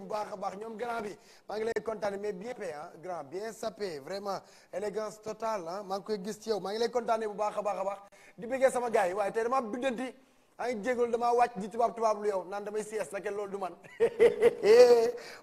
bu baax a baax ñoom grand bi maa ngi lay kontaane mais bien payé ah grand bien sapé vraiment élégance totale maa ngi koy gis ci yow maa ngi lay kontaane bu baax a baax a baax di bëggee sama gars yi waaye tey damaa biddanti maa ngi jégalu damaa wàcc di tubaab tubaab lu yow naan damay sies la kenn loolu du man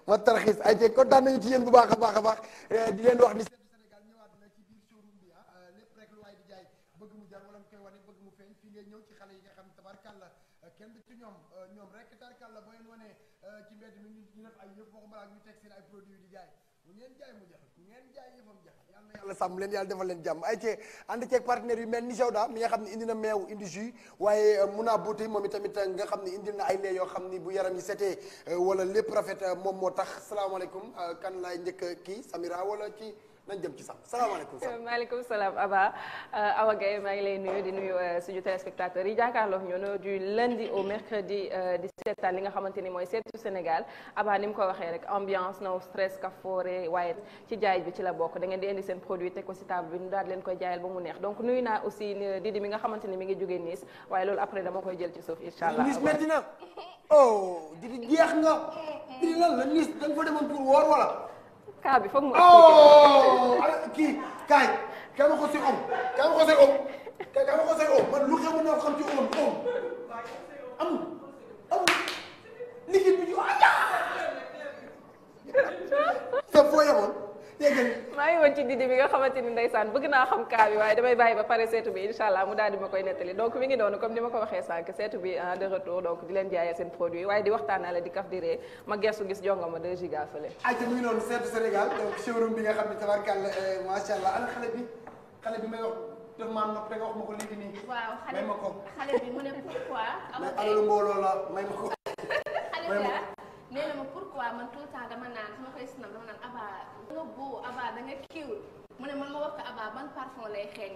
ma tarxiis ay tey kontaan nañu ci yéen bu baax a baax a baax eh, di leen wax ni seetu Sénégal ñëwaat na ci biir showroom bi ah eh, lépp rek lu waay di jaay bëgg mu jar wala mu koy wane bëgg mu feeñ fii ngay ñëw ci xale yi nga xam tabarkàlla eh, kenn du ci ñoom ñoom rek tarkàlla boo leen wanee Euh, ci mbedd mi ñu def ay yëf waxuma laa ñu teg ay produits di jaay ku ngeen jaay mu jaxal ngeen jaay yëfam jaxal yal leen yàlla defal leen jàmm ay cee ànd ceeg partenaire yu mel ni Jawda mi nga xam ne indi na meew indi jus waaye euh, mun naa buuti moom itamit euh, nga xam ne indi na ay lee yoo xam ni bu yaram yi setee wala lépp rafet moom moo tax salaamaaleykum kan laay njëkk kii Samira wala ci nañ jëm ci sax salaamaaleykum salaam maaleykum salaam Aba euh, Awa Gaye maa ngi lay nuyu di nuyu euh, suñu téléspectateurs yi jàkkaarloo ñun euh, du lundi au mercredi di seetaan li nga xamante ni mooy seetu Sénégal Aba ni mu ko waxee rek ambiance no stress kafoore waaye ci jaay bi ci la bokk da ngeen di indi seen produit teg ko si table bi ñu daal leen koy jaayal ba mu neex donc nuyu naa aussi Didi mi nga xamante ni mi ngi jógee Nice waaye loolu après dama koy jël ci suuf incha allah Nice cas bi foog mu. kii kaay kaay ma xool si om kaay ma xool si om kaay ma xool si om man lu xew naa xam ci om om amul amul liggéey bi ñu ah. te foo yemoon. maa ngi woon ci didi bi nga xamante ni ndeysaan bëgg naa xam kaa bi waaye damay bàyyi ba pare seetu bi incha allah mu daal di ma koy nettali donc mi ngi noonu comme ni ma ko waxee sànq seetu bi de retour donc di leen jaayee seen produit waaye di waxtaanale di kaf di ree ma gersu gis jongoma 2 giga fële aca mi ngi noonu seetu Sénégal donc showroom bi nga xam euh, ma ko léegi nii. waaw xale bi ma mu ne pourquoi. amul ah, na ma pourquoi man tout le temps dama naan sama koy snap dama naan abaa. nga beau Abba da nga cute mu ne wax ko Abba ban parfum ko ah xeeñ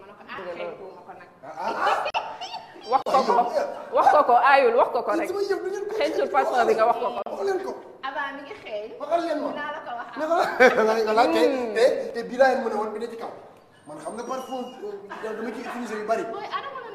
wax ko ko wax ko ko aayul wax ko ko nga wax mi ngi ma dinaa la ko wax. nga laaj hmm. te te bii laa leen mën a wan bi man xam nga parfum euh, dama ci utiliser yu bari.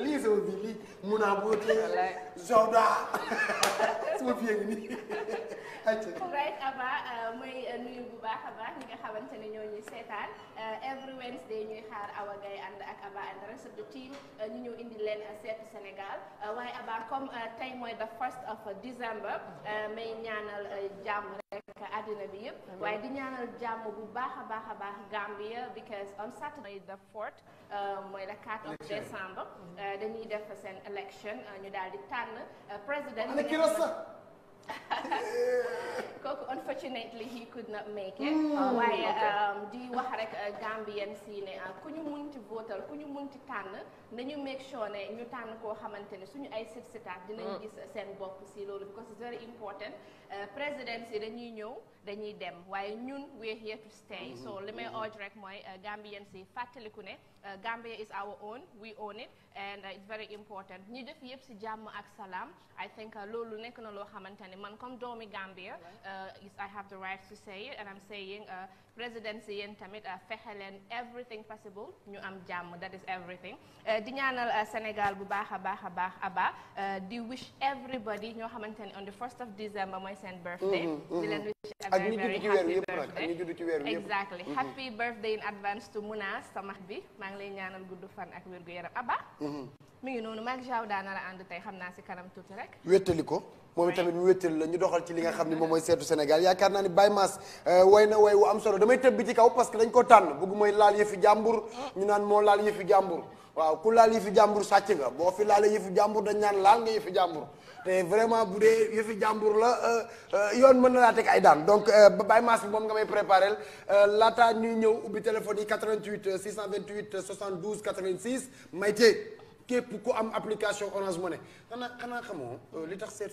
lii sama bii lii mun a bootee Jawda sama fii ngi nii right Aba uh, mooy uh, nuyu bu baax a baax ñi nga xamante ne ñoo ñuy seetaan uh, every Wednesday ñuy xaar Awa Gaye ànd ak Aba and the team ñu ñëw indi leen seetu Sénégal waaye Aba comme tey mooy the first of December may ñaanal jàmm rek àddina bi yëpp waaye di ñaanal jàmm bu baax a baax a baax Gambia because on Saturday the fourth Euh, mooy le 4 décembre euh, dañuy def seen élection euh, ñu daal di tànn président kooku unfortunately he could not make it hmm, waaye di wax rek Gambien si ne ku ñu munti votal ku ñu munti tànn nañu make sure ne ñu tànn koo xamante ne suñu ay sit sitaat dinañ hmm. gis seen bopp si loolu because it's very important président si dañuy ñëw dañuy dem waaye ñun we're here to stay hmm, so li may urge rek mooy Gambien si fàttaliku ne Uh, Gambia is our own we own it and uh, it's very important ñu def yëpp ci jàmm ak salaam I think uh, loolu nekk na loo xamante ne man comme doomi Gambia uh, is I have the right to say it and I'm saying uh, présidence yéen tamit euh, fexe leen everything possible ñu am jàmm that is everything euh, di ñaanal euh, Sénégal bu baax a baax a baax a aba di wish everybody ñoo xamante ne on the first of December mooy seen birthday mm-hmm, di leen mm-hmm. wish a very very happy birthday exactly mm-hmm. happy birthday in advance to Muna samax bi maa ngi lay ñaanal gudd fan ak wér gu yaram aba mi ngi noonu maag jaw daana la ànd tey xam naa si kanam tuuti rek wéttali ko moom itamit mu wéttal la ñu doxal ci li nga xam ne moom mooy seetu Sénégal yaakaar naa ni Baye Mass euh, way na way wu am solo damay tëb bi ci kaw parce que dañ ko tànn bëgg mooy laal yëfi jàmbur ñu naan moo laal yëfi jàmbur waaw ku laal yëfi jàmbur sàcc nga boo fi laalee yëfi jàmbur dañ naan laal nga yëfi jàmbur te vraiment bu dee yëfi jàmbur la euh, euh, yoon mën na laa teg ay daan donc ba Mass bi moom nga may préparel laata ñuy ñëw ubbi téléphone yi 88 628 72 86 Mayte képp ku am application Orange Money xanaa xanaa xamoo li tax seet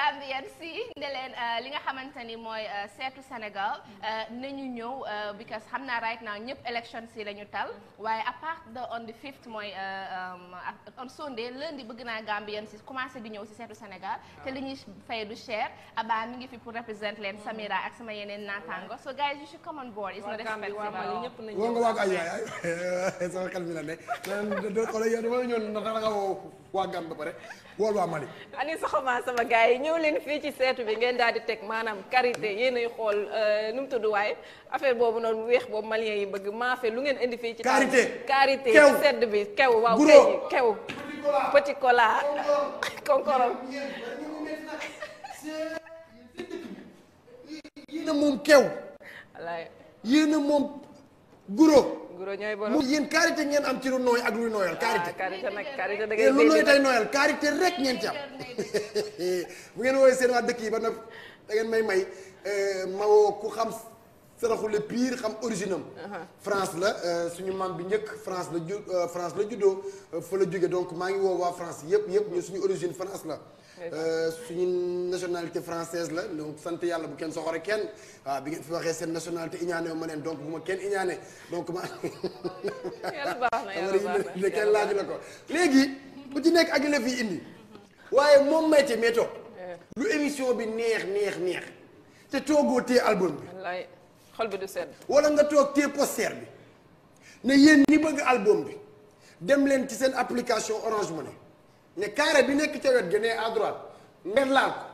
Gambien si ne leen li nga xamante ni mooy seetu Sénégal nañu ñëw because xam naa right now ñëpp élection si la tal waaye à part de on the fifth mooy on Sunday di bëgg naa Gambien si commencé di ñëw si seetu senegal te li ñuy fay du cher Aba mi ngi fi pour represent leen Samira ak sama yeneen naataango so guys you should come on board it's not expensive woo nga waag ay waay ay waa Gàmbi ba pare wool waa Mali. ani soxma sama gars yi ñëw leen fii ci seetu bi ngeen daal di teg maanaam karité yéenay xool euh, nu tudd waaye affaire boobu noonu weex boobu malien yi bëgg maafe lu ngeen indi fii ci. karité karité sedd bi kew waaw kew kew petit cola konkorom yéen moom kew yéen moom guro. guro ñooy borom mu yéen karité ngeen am ci lu nooy ak lu nooyal karité. Ah, karité nag karité da eh, ngay lu nooy tey nooyal karité rek ngeen ci am bu ngeen woowee seen waa dëkk yi ba nag dangeen may may eh, mawoo ku xam saraxule pire xam origine am. Uh-huh. France la eh, suñu maam bi njëkk France la ju France la juddoo fa la jóge donc maa ngi woo waa France yëpp yëpp ñu suñu origine France la. Euh, suñu nationalité française la donc sant yàlla bu kenn soxore kenn waaw ah, bi ngeen fi waxee seen nationalité iñaane ma neen donc bu ma kenn iñaane donc ma amari kenn laaju la ko léegi bu ci nekk ak lëf yi indi waaye moom may te mais eh. lu émission bi neex neex neex te toogoo tee album bi xol bi wala nga toog tee poster bi ne yéen ñi bëgg album bi dem leen ci seen application Orange Money ne carré bi nekk ca wet gi ngeen laal ko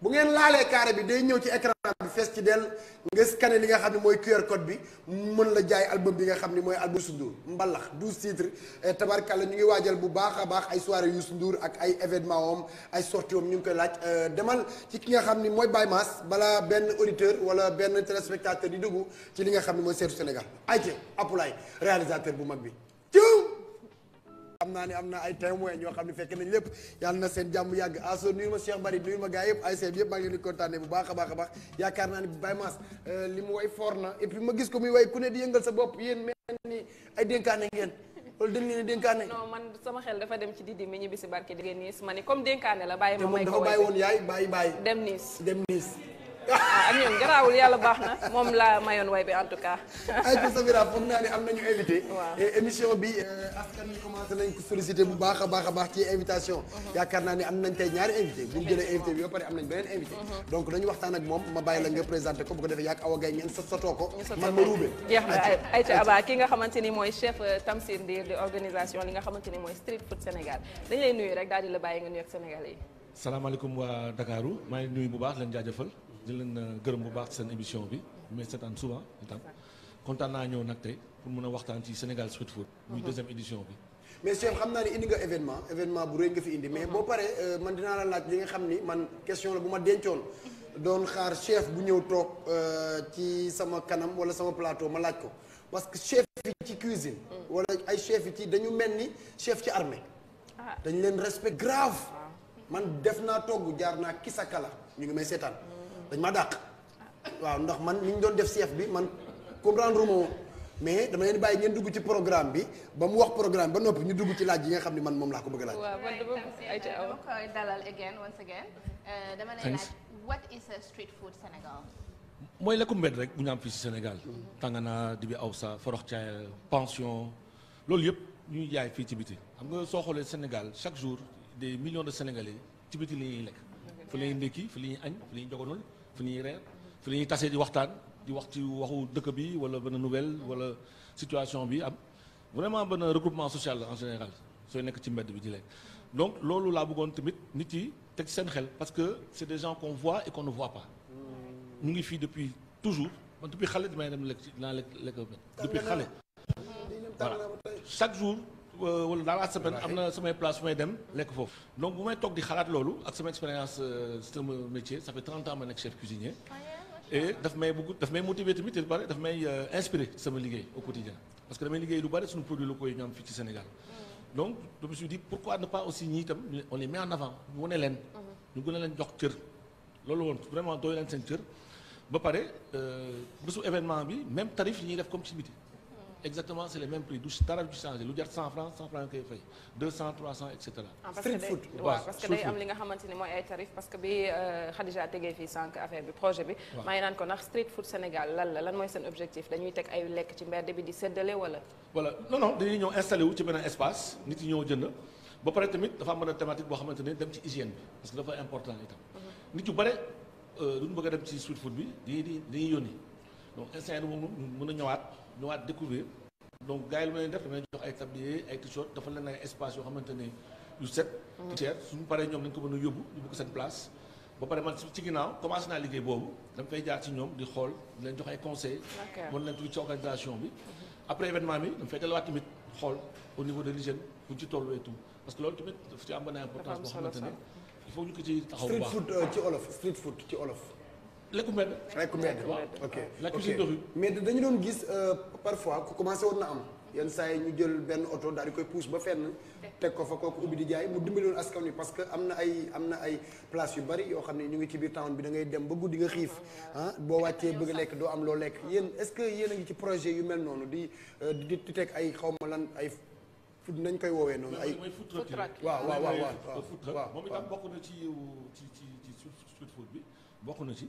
bu ngeen laalee carré bi day ñëw ci écran bi fees ci dell nga scanné li nga xam ne mooy QR code bi mën la jaay album bi nga xam ni mooy album Youssou Ndour mbalax douze titres eh, tabarkalla ñu ngi waajal bu baax a baax ay soirée Youssou Ndour ak ay événement om ay sorties om ñu ngi koy laaj euh, demal ci ki nga xam ni mooy Baye balaa benn auditeur wala benn téléspectateur di dugg ci li nga xam ne mooy seetu Sénégal ayte Apulaay réalisateur bu mag bi am naa ne am naa ay témoin ñoo xam ne fekk nañ lépp yàlla na seen jàmm yàgg aso nuyu ma Cheikh Bari nuyu ma gars yëpp ay seen yëpp maa ngi leen bu baax a baax a baax yaakaar naa ni Baye Mass euh, li mu way foor na et ma gis ko muy way ku ne di yëngal sa bopp yéen mel ni ay dénkaane ngeen loolu dañ leen dénkaane non man sama xel dafa dem ci Didi mi ñibbi si barke di niis ma ni comme dénkaane la bàyyi ma may ko way dafa bàyyi woon yaay bàyyi bàyyi dem niis dem waaw ah, ak ñun yàlla baax na moom laa mayoon way bi en tout cas. ayca Samira naa am nañu invité. waaw émission bi euh, askan wi commencé nañ ko sollicité bu baax a baax a baax ci invitation. Mhm. yaakaar naa ni am nañ tey ñaari invité bu ñu jëlee invité bi pare am nañ beneen invité. Mhm. donc dañu waxtaan ak moom ma bàyyi la nga présenté ko bu ko defee yàgg Awa Gaye ngeen sotoo ko. man ma ruube jeex na ayca Aba ki nga xamante ni mooy chef euh, Tamsir Ndir de organisation li nga xamante ni mooy street food Sénégal dañ lay nuyu rek daal la bàyyi nga nuyu ak Sénégalais yi. salaamaaleykum waa Dakaru maa bu baax leen jaajëfal di leen euh, gërëm bu baax seen émission bi mais seetaan souvent itam kontaan naa ñëw nag tey pour mun a waxtaan ci Sénégal street food muy uh-huh. deuxième édition bi mais Cheikh xam naa ni indi nga événement événement bu rëy nga fi indi mais uh-huh. boo paree euh, man dinaa la laaj li nga xam ni man question la bu ma dencoon uh-huh. doon xaar chef bu ñëw toog euh, ci sama kanam wala sama plateau ma laaj ko parce que chef yi ci cuisine wala ay chef yi ci dañu mel ni chef ci armée ah. dañ leen respect grave ah. man def naa togg jaar naa dañ maa dàq waaw ndax man ni ñu doon def chef bi man comprendre ma woon mais dama leen bàyyi ngeen dugg ci programme bi ba mu wax programme ba noppi ñu dugg ci laaj yi nga xam ne man moom laa ko bëgg a laaj. waaw man dama koy dalal again once euh, street food Sénégal. mooy lekku mbedd rek bu ñu am senegal tàng Sénégal. tàngana dibi awsa forox caaya pension loolu yëpp ñuy jaay fii ci biti xam nga soo xoolee Sénégal chaque jour des millions de Sénégalais ci biti la ñuy lekk. fa la ñuy ndékki fa la añ fa la fu ñuy reer fu ñuy tasee di waxtaan di wax ci waxu dëkk bi wala benn nouvelle walla situation bi am vraiment benn regroupement social la en général sooy nekk ci mbedd bi di lekk donc loolu laa bëggoon tamit nit yi teg seen xel parce que c'est des gens qu'on voit et qu'on ne voit pas ñu ngi fii depuis toujours man depuis xale damay dem lekk ci lekk lekk depuis xale chaque jour Euh, wala dans la semaine am na samay place su may dem lekk foofu donc bu may toog di xalaat loolu ak sama expérience euh, sama métier ça fait 30 ans ma nekk chef cuisinier ah, et daf may bëgg daf may motiver tamit te pare daf may euh, inspirer sama liggéey au quotidien parce que damay liggéey lu bari suñu produit locaux yi ñu am fii ci Sénégal mm. donc je me suis dit pourquoi ne pas aussi ñii itam on les met en avant ñu wane leen mm-hmm. ñu gën leen jox cër loolu woon vraiment dooy leen seen cër ba pare bésu événement bi même tarif yi ñuy def comme ci biti exactement c'est les mêmes prix du dara du changé lu jar cent francs cent francs nga koy deux cent trois cent et ah, street food waaw parce que day am li nga xamante ni mooy ay tarif parce que bi euh, Khadija tegee fii sànq affaire bi projet bi. maa ngi naan ko ndax street food Sénégal lan lan mooy seen objectif dañuy teg ay lekk ci mbedd bi di séddale wala. voilà non non dañuy ñëw installé wu ci benn espace nit yi ñëw jënd ba pare tamit dafa mhm. euh, a dem ci mën a ñëwaat ñëwaat découvrir donc gars yi lu ma leen def dama jox ay tablier ay t-shirt dafa leen ay espace yoo xamante ne yu set mm. suñu paree ñoom dañ ko mën a yóbbu yóbbu ko seen place ba man ci ginnaaw commencé naa liggéey boobu dama fay jaar ci ñoom di xool di leen jox ay conseils mën leen tuuti ci organisation bi mm-hmm. après événement bi dama fay delluwaat tamit xool au niveau de l'hygiène bu ci tollu et tout parce que loolu tamit daf ci am benn importance boo xamante ne lekku mbedd lekku mbedd ok la cuisine dañu doon gis euh, parfois ku commencé woon na am yenn saa yi ñu jël benn oto daal di koy pousse ba fenn teg ko fa kooku ubbi di jaay mu dimbali woon askan wi parce que am na ay am na ay place yu bari yoo xam ne ñu ngi ci biir town bi da ngay dem ba guddi nga xiif ah, boo wàccee bëgg lekk doo am loo lekk yéen est-ce que yéen ngi ci projet yu mel noonu euh, di di teg ay xaw ma lan ay food nañ koy woowee noonu ay food truck waaw waaw waaw waaw food ci ci ci ci street bi bokk na ci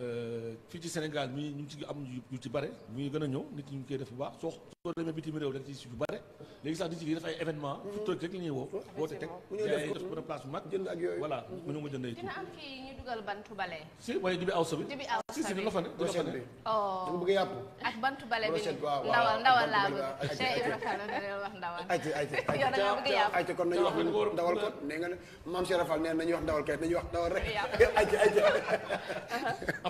Euh, fii ci Sénégal mii ñu ngi ci am yu ci bare mu ngi gën a ñëw nit ñi ñu ngi koy def bu baax soo soo demee bitim réew rek ci suuf yu bare léegi sax di ci def ay événement hmm. fu toog rek li ñuy woo woote teg jaay def benn place bu mag jënd ak yooyu voilà mu ñu ko jëndee dina am fii ñu dugal bantu bale si waaye dibi aw sabi dibi aw sabi si si dina fa ne dina fa ne oh bëgg yàpp ak bantu bale bi ndawal ndawal laa bëgg te Ibrahima dana wax ndawal ay ay ay ay kon nañu wax ndawal kon nee nga ne maam Cheikh Rafal nee nañu wax ndawal kay nañu wax ndawal rek ay ay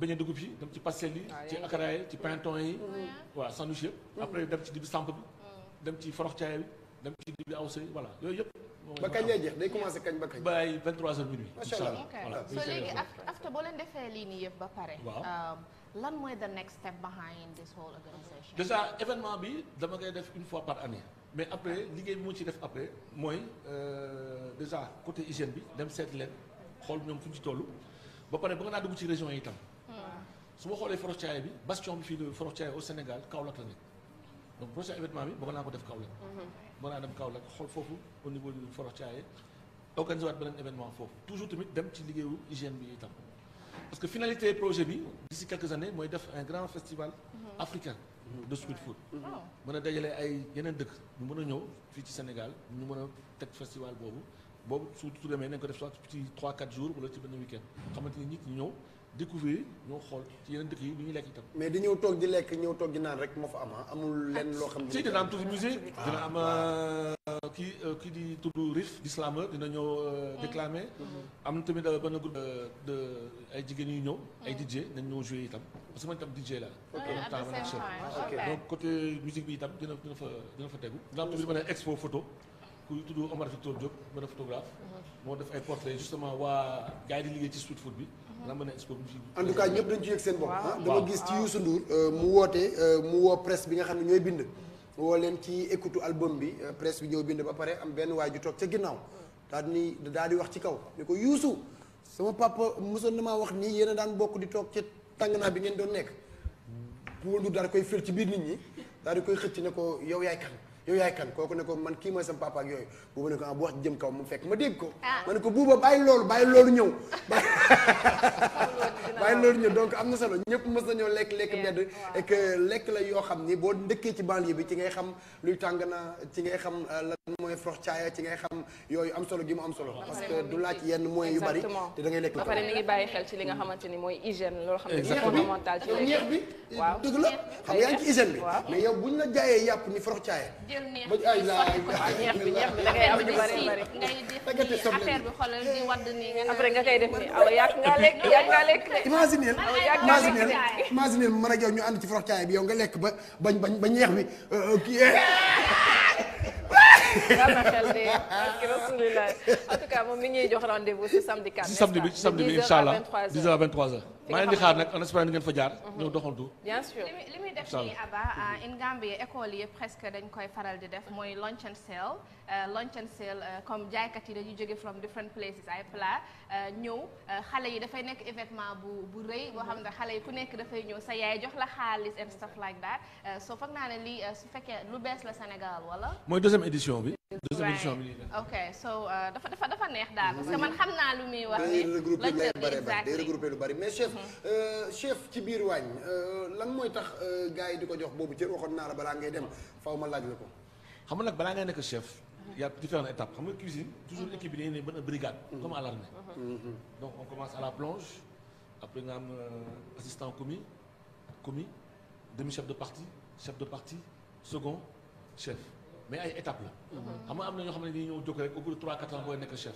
bañ dugub yi dem ci pastel yi ah, ci akara yi ci pinton yi mm. waaw sandwich yëpp mm. après dem ci dibi samp bi mm. dem ci forox caaya bi dem ci dibi awsa yi voilà yooyu yëpp ba kañ lay jeex day commencé kañ ba kañ. ba ay 23h minuit. defee lii nii yëpp ba pare. Um, lan mooy the next step behind this whole organisation. déjà événement bi dama koy def une fois par année. mais après liggéey bi mu ci def après mooy euh, déjà côté hygiène bi dem seet xool ñoom fu ñu ci toll ba pare ba ci région itam. su ma xoolee Forotiaye bi bastion bi fii de Forotiaye au Sénégal Kaolack la nekk donc prochain événement bi bëgg naa ko def Kaolack. Mhm. bëgg naa dem Kaolack xool foofu au niveau du Forotiaye organiser beneen événement foofu toujours tamit dem ci liggéeyu hygiène bi itam. parce que finalité projet bi d'ici quelques années mooy def un grand festival. Mhm. africain de street food. Mhm. mën a dajalee ay yeneen dëkk ñu mën a ñëw fii ci Sénégal ñu mën a teg festival boobu boobu su demee nañ ko def soit ci 3 4 jours wala xamante ni nit ñëw. découvrir ñoo xool ci yeneen dëkk yi ni ñuy lekk itam. mais di ñëw toog di lekk ñëw toog di naan rek moo fa am ah, amul lenn loo xam. si dina am tuuti musée. dina am euh, kii euh, kii di tudd Rif. d'islam la dina ñëw euh, déclamer. am tamit benn groupe de jigéen yu ñëw. ay DJ nañ ñëw jouer itam parce que man itam DJ la. ok donc côté musique bi itam dina dina fa dina fa tegu. dina am tamit benn expo photo. ku tudd Omar Victor Diop benn photographe. Mhm. moo def ay portraits justement waa gars yi di liggéey ci street food bi. lamb na expo en tout cas ñëpp dañ ci yëg seen bopp dama gis ci Youssou Ndour euh, mu woote euh, mu woo presse bi nga xam ne ñooy bind woo leen ci écoute album bi euh, presse bi ñëw bind ba pare am benn waay ju toog ca ginnaaw daal di daal di wax ci kaw ni ko Youssou sama papa mosoon na maa wax nii yéen a daan bokk di toog ca tàng tànganaa bi ngeen doon nekk pour Ndour daal koy fël ci biir nit ñi daal di koy xëcc ne ko yow yaay kan yow yaay kan kooku ne ko man kii mooy sama papa ak yooyu buuba ne ko ah bu wax jëm kaw mu fekk ma dégg ko. Ah. ma ne ko buuba bàyyi loolu bàyyi loolu ñëw. bàyyi loolu ñëw donc am na solo ñëpp mës nañoo lekk lekk mbedd. et que lekk la yoo xam ni boo dëkkee ci banlieue bi ci ngay xam luy tàng na ci ngay xam euh, lan mooy frox caaya ci ngay xam yooyu am solo gi mu am solo. parce que du laaj yenn moyens yu bari. te da lekk lu ko ngi bàyyi xel ci li xamante ni mooy hygiène. loolu xam ne dëgg la xam nga yaa ngi ci hygiène bi mais yow buñ la jaayee yàpp ni frox caaya jël neex bi sotti ko ci neex bi neex bi da ngay am ñu bari bari ngay def nii affaire bi xoolal di wadd nii nga après nga koy def nii awa yàq nga lekk yàq nga lekk de imagineel imagineel imagineel man ak yow ñu ànd ci forox caay bi yow nga lekk ba bañ bañ ba ñeex bi euh, euh, kii eh. daal na xel de ak ngi jox rendez-vous ci samedi 4 samedi bi samedi bi incha allah 10h à 23h. maa leen di xaar nag en espérant ngeen fa jaar. Mhm. ñëw doxantu. bien li muy def nii Abba en euh, Gambie école yi presque dañ koy faral di def mooy lunch and sale. Euh, lunch and sale euh, comme jaaykat yi dañuy jóge from different places ay plat euh, ñëw xale yi dafay nekk événement bu bu rëy boo xam ne xale yi ku nekk dafay ñëw sa yaay jox la xaalis and stuff like that so foog naa ne lii su fekkee lu bees la Sénégal wala. mooy deuxième édition bi. deuxième édition so dafa dafa neex daal parce man xam naa lu muy wax ni. day bari mais chef. Mm-hmm. chef ci biir waañ lan mooy tax gaa yi di ko jox boobu cër waxoon naa la balaa ngay dem faw ma laaj la ko. xam nga nag balaa ngay nekk chef. y' a différentes étapes xam nga cuisine toujours équipe bi dañuy ne na brigade. comme à l'armée. donc on commence à la plonge après nga am euh, assistant commis commis demi chef de parti chef de parti second chef mais ay étapes la. xam nga am na ñoo xam ne dañuy ñëw jóg rek au bout de 3 4 ans booy nekk chef.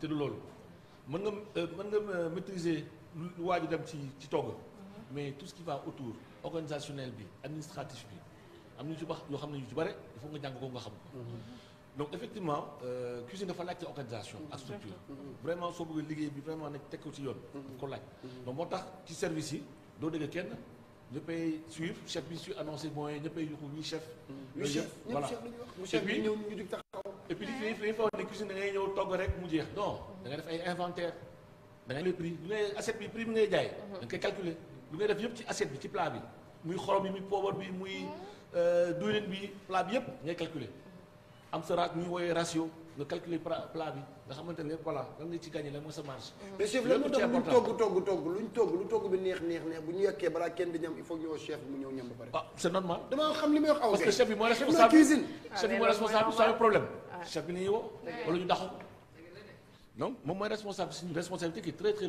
te du loolu mën nga euh, mën nga euh, maîtriser lu dem ci ci togg. mais tout ce qui va autour organisationnel bi administratif bi am na ñu ci wax yoo xam ne ñu ci bare il faut nga jàng ko nga xam ko. donc effectivement euh, cuisine dafa laajte organisation ak structure vraiment soo bëggee liggéey bi vraiment na teg ko ci yoon mm-hmm. daf ko laaj mm-hmm. donc moo tax ci service yi doo dégg kenn ñëppay suivre chef bi su annoncé mooy ñëppay yuxu huit chef mm-hmm. yooyu yëpp voilà et puis et puis dañuy faw ne cuisine da ñëw togg rek mu jeex non dangay def ay inventaire da ngay le prix lu ngay assiette bi prix bi ngay jaay da nga koy calculer lu ngay def yëpp ci asset bi ci plat bi muy xorom bi muy poobar bi muy euh, diwlin bi plat yëpp ngay am sa raat ñuy woowee ratio nga calculer plat bi nga xamante ne voilà lan nga ci gagné lan mooy sa marge. Mm-hmm. mais chef lan togg togg togg luñ togg lu togg bi neex neex neex bu ñu yokkee balaa kenn di ñam il faut ñëw chef bi mu ñëw ñam ba pare. ah c'est normal. damaa xam li may wax aw ah, parce que chef bi mooy responsable ah, chef bi mooy responsable ah, sans problème chef bi la ñuy woo wala ñu daxu donc moom mooy responsable suñu responsabilité qui est très très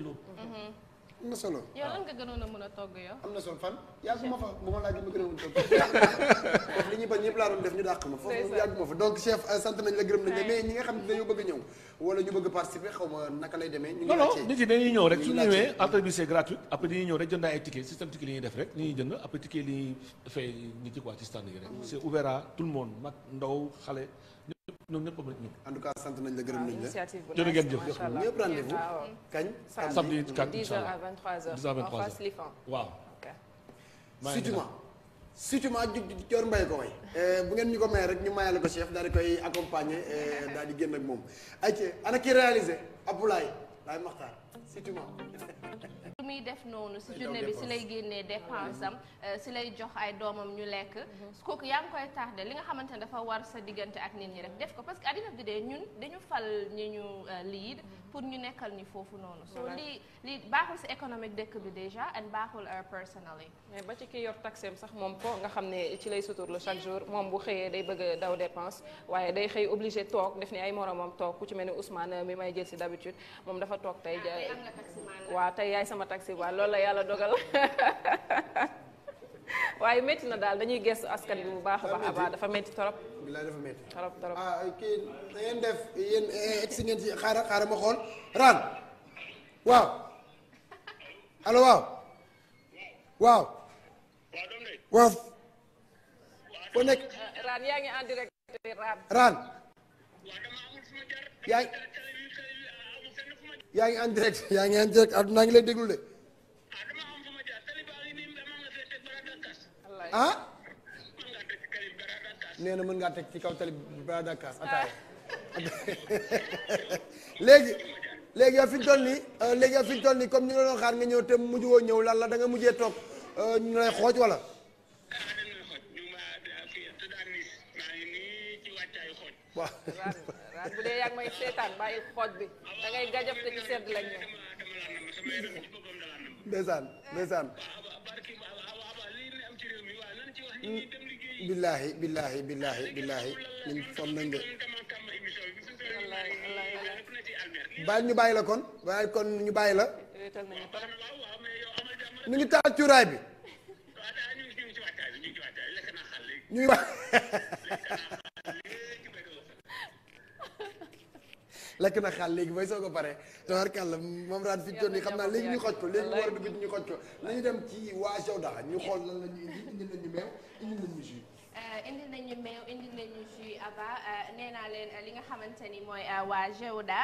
am na solo yow lan nga gënoon a mën a togg yow. am na solo fan yàgg ma fa bu ma laaj ma gën a mën a togg foofu li ñuy bañ ñëpp laa doon def ñu euh, nga xam ne dañoo bëgg a ñëw wala ñu bëgg a participer xaw ma naka lay demee ñu non non nit yi dañuy ñëw rek su ñëwee après bi c'est gratuit après dañuy ñëw rek jënd ay ticket li ñuy def rek ni ñuy jënd après ticket li ñuy fay rek mm. ñoom ñëpp bëgg ñëpp nañ la gërëm nañ la jërë ngeen jëf ñëpp rendez-vous kañ samedi 4 ko way eh, bu ngeen ñu ko may rek ñu la ko chef daal di koy accompagner eh, daal di génn moom ay ci ana ki réalisé Abdoulaye Laye Makhtar sutuma muy def noonu si journée bi si lay génnee dépense am mhm. euh, si lay jox ay doomam ñu lekk mhm. kooku yaa ngi koy de li nga xamante ne dafa war sa diggante ak nit ñi rek def ko parce que àddina bi dee ñun dañu fal ñu euh, lead mhm. pour ñu nekkal ñu foofu noonu so lii lii baaxul si économique dëkk bi déjà and baaxul euh, personally mais ba ci ki yor taxem sax moom ko nga xam ne ci lay suturlu chaque jour moom bu xëyee day bëgg a daw dépense waaye day xëy obligé toog def ni ay moromam toog ku ci mel ni Ousmane mi may jël si d'habitude moom dafa toog tey ah, waa taxi waaw la yàlla dogal waaye métti na daal dañuy gestu askan bi bu baax a baax abaa dafa métti trop. bilaay dafa da ah, ngeen def yéen eh, egsi xaaral xaaral ma xool Raan waaw allo waaw waaw waaw nekk. Raan yaa ngi en direct Raan. Raan yaa yaa ngi en direct yaa ngi en direct àdduna ngi lay déglu de ah nee na mën ngaa teg ci kaw tali bara Dakar ataaya léegi léegi yaa fi ni toll nii euh, léegi yaa fi ñu comme ñu la doon xaar nga ñëw te mujj woo ñëw lan la da nga mujjee toog euh, ñu lay xooj wala bu dee yaa may seetaan bàyyi xooj bi da ngay gajab te nañ de. baal ñu bàyyi la kon waaye kon ñu bàyyi la. ñu taal cuuraay bi. ñuy ngi lekk na xaal léegi bay soo ko pare tabarkàlla moom raan fi jonni xam naa léegi ñu xoj ko léegi ñu war a dugg ñu xoj ko dem ci waa Joda ñu xool lan la ñu indi indi nañu meew indi nañu jus euh, indi nañu meew indi nañu jus Aba euh, nee naa leen euh, li nga xamante ni mooy euh, waa Géoda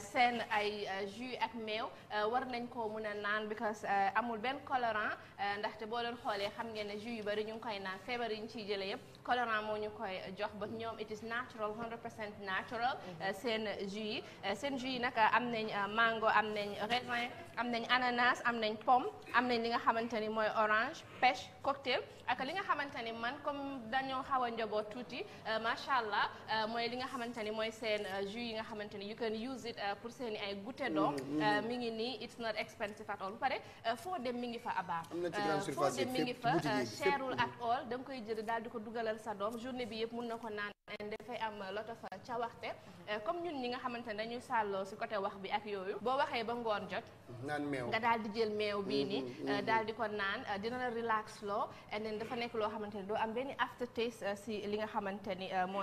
seen ay jus ak meew war nañ koo mun a naan because amul benn colorant ndaxte boo leen xoolee xam ngeen ne jus yu bari ñu ngi koy naan feebar yi ñu ciy jëlee yëpp colorant moo ñu koy jox ba ñoom it is natural 100% natural mhm. seen jus yi seen jus yi nag am nañ mango am nañ raisin am nañ ananas am nañ pomme am nañ li nga xamante ni mooy orange pêche cocktail ak li nga xamante ni man comme dañoo xaw a njaboot tuuti macha allah euh, mooy li nga xamante ni mooy seen euh, jus yi nga xamante you can use it euh, pour seen i ay goûter mm, donc mm. mi ngi nii it's not expensive at all bu pare foo dem mi ngi fa abaa foo dem mi ngi fa cherul at all da nga koy jël daal di ko dugalal sa doom journée bi yëpp mun na ko naan dafay am lot of cawarte mm-hmm. comme ñun ñi nga xamante ne dañuy sàlloo si côté wax bi ak yooyu boo waxee ba ngoon jot nga daal di jël meew bii mm-hmm, ni mm-hmm. daal di ko naan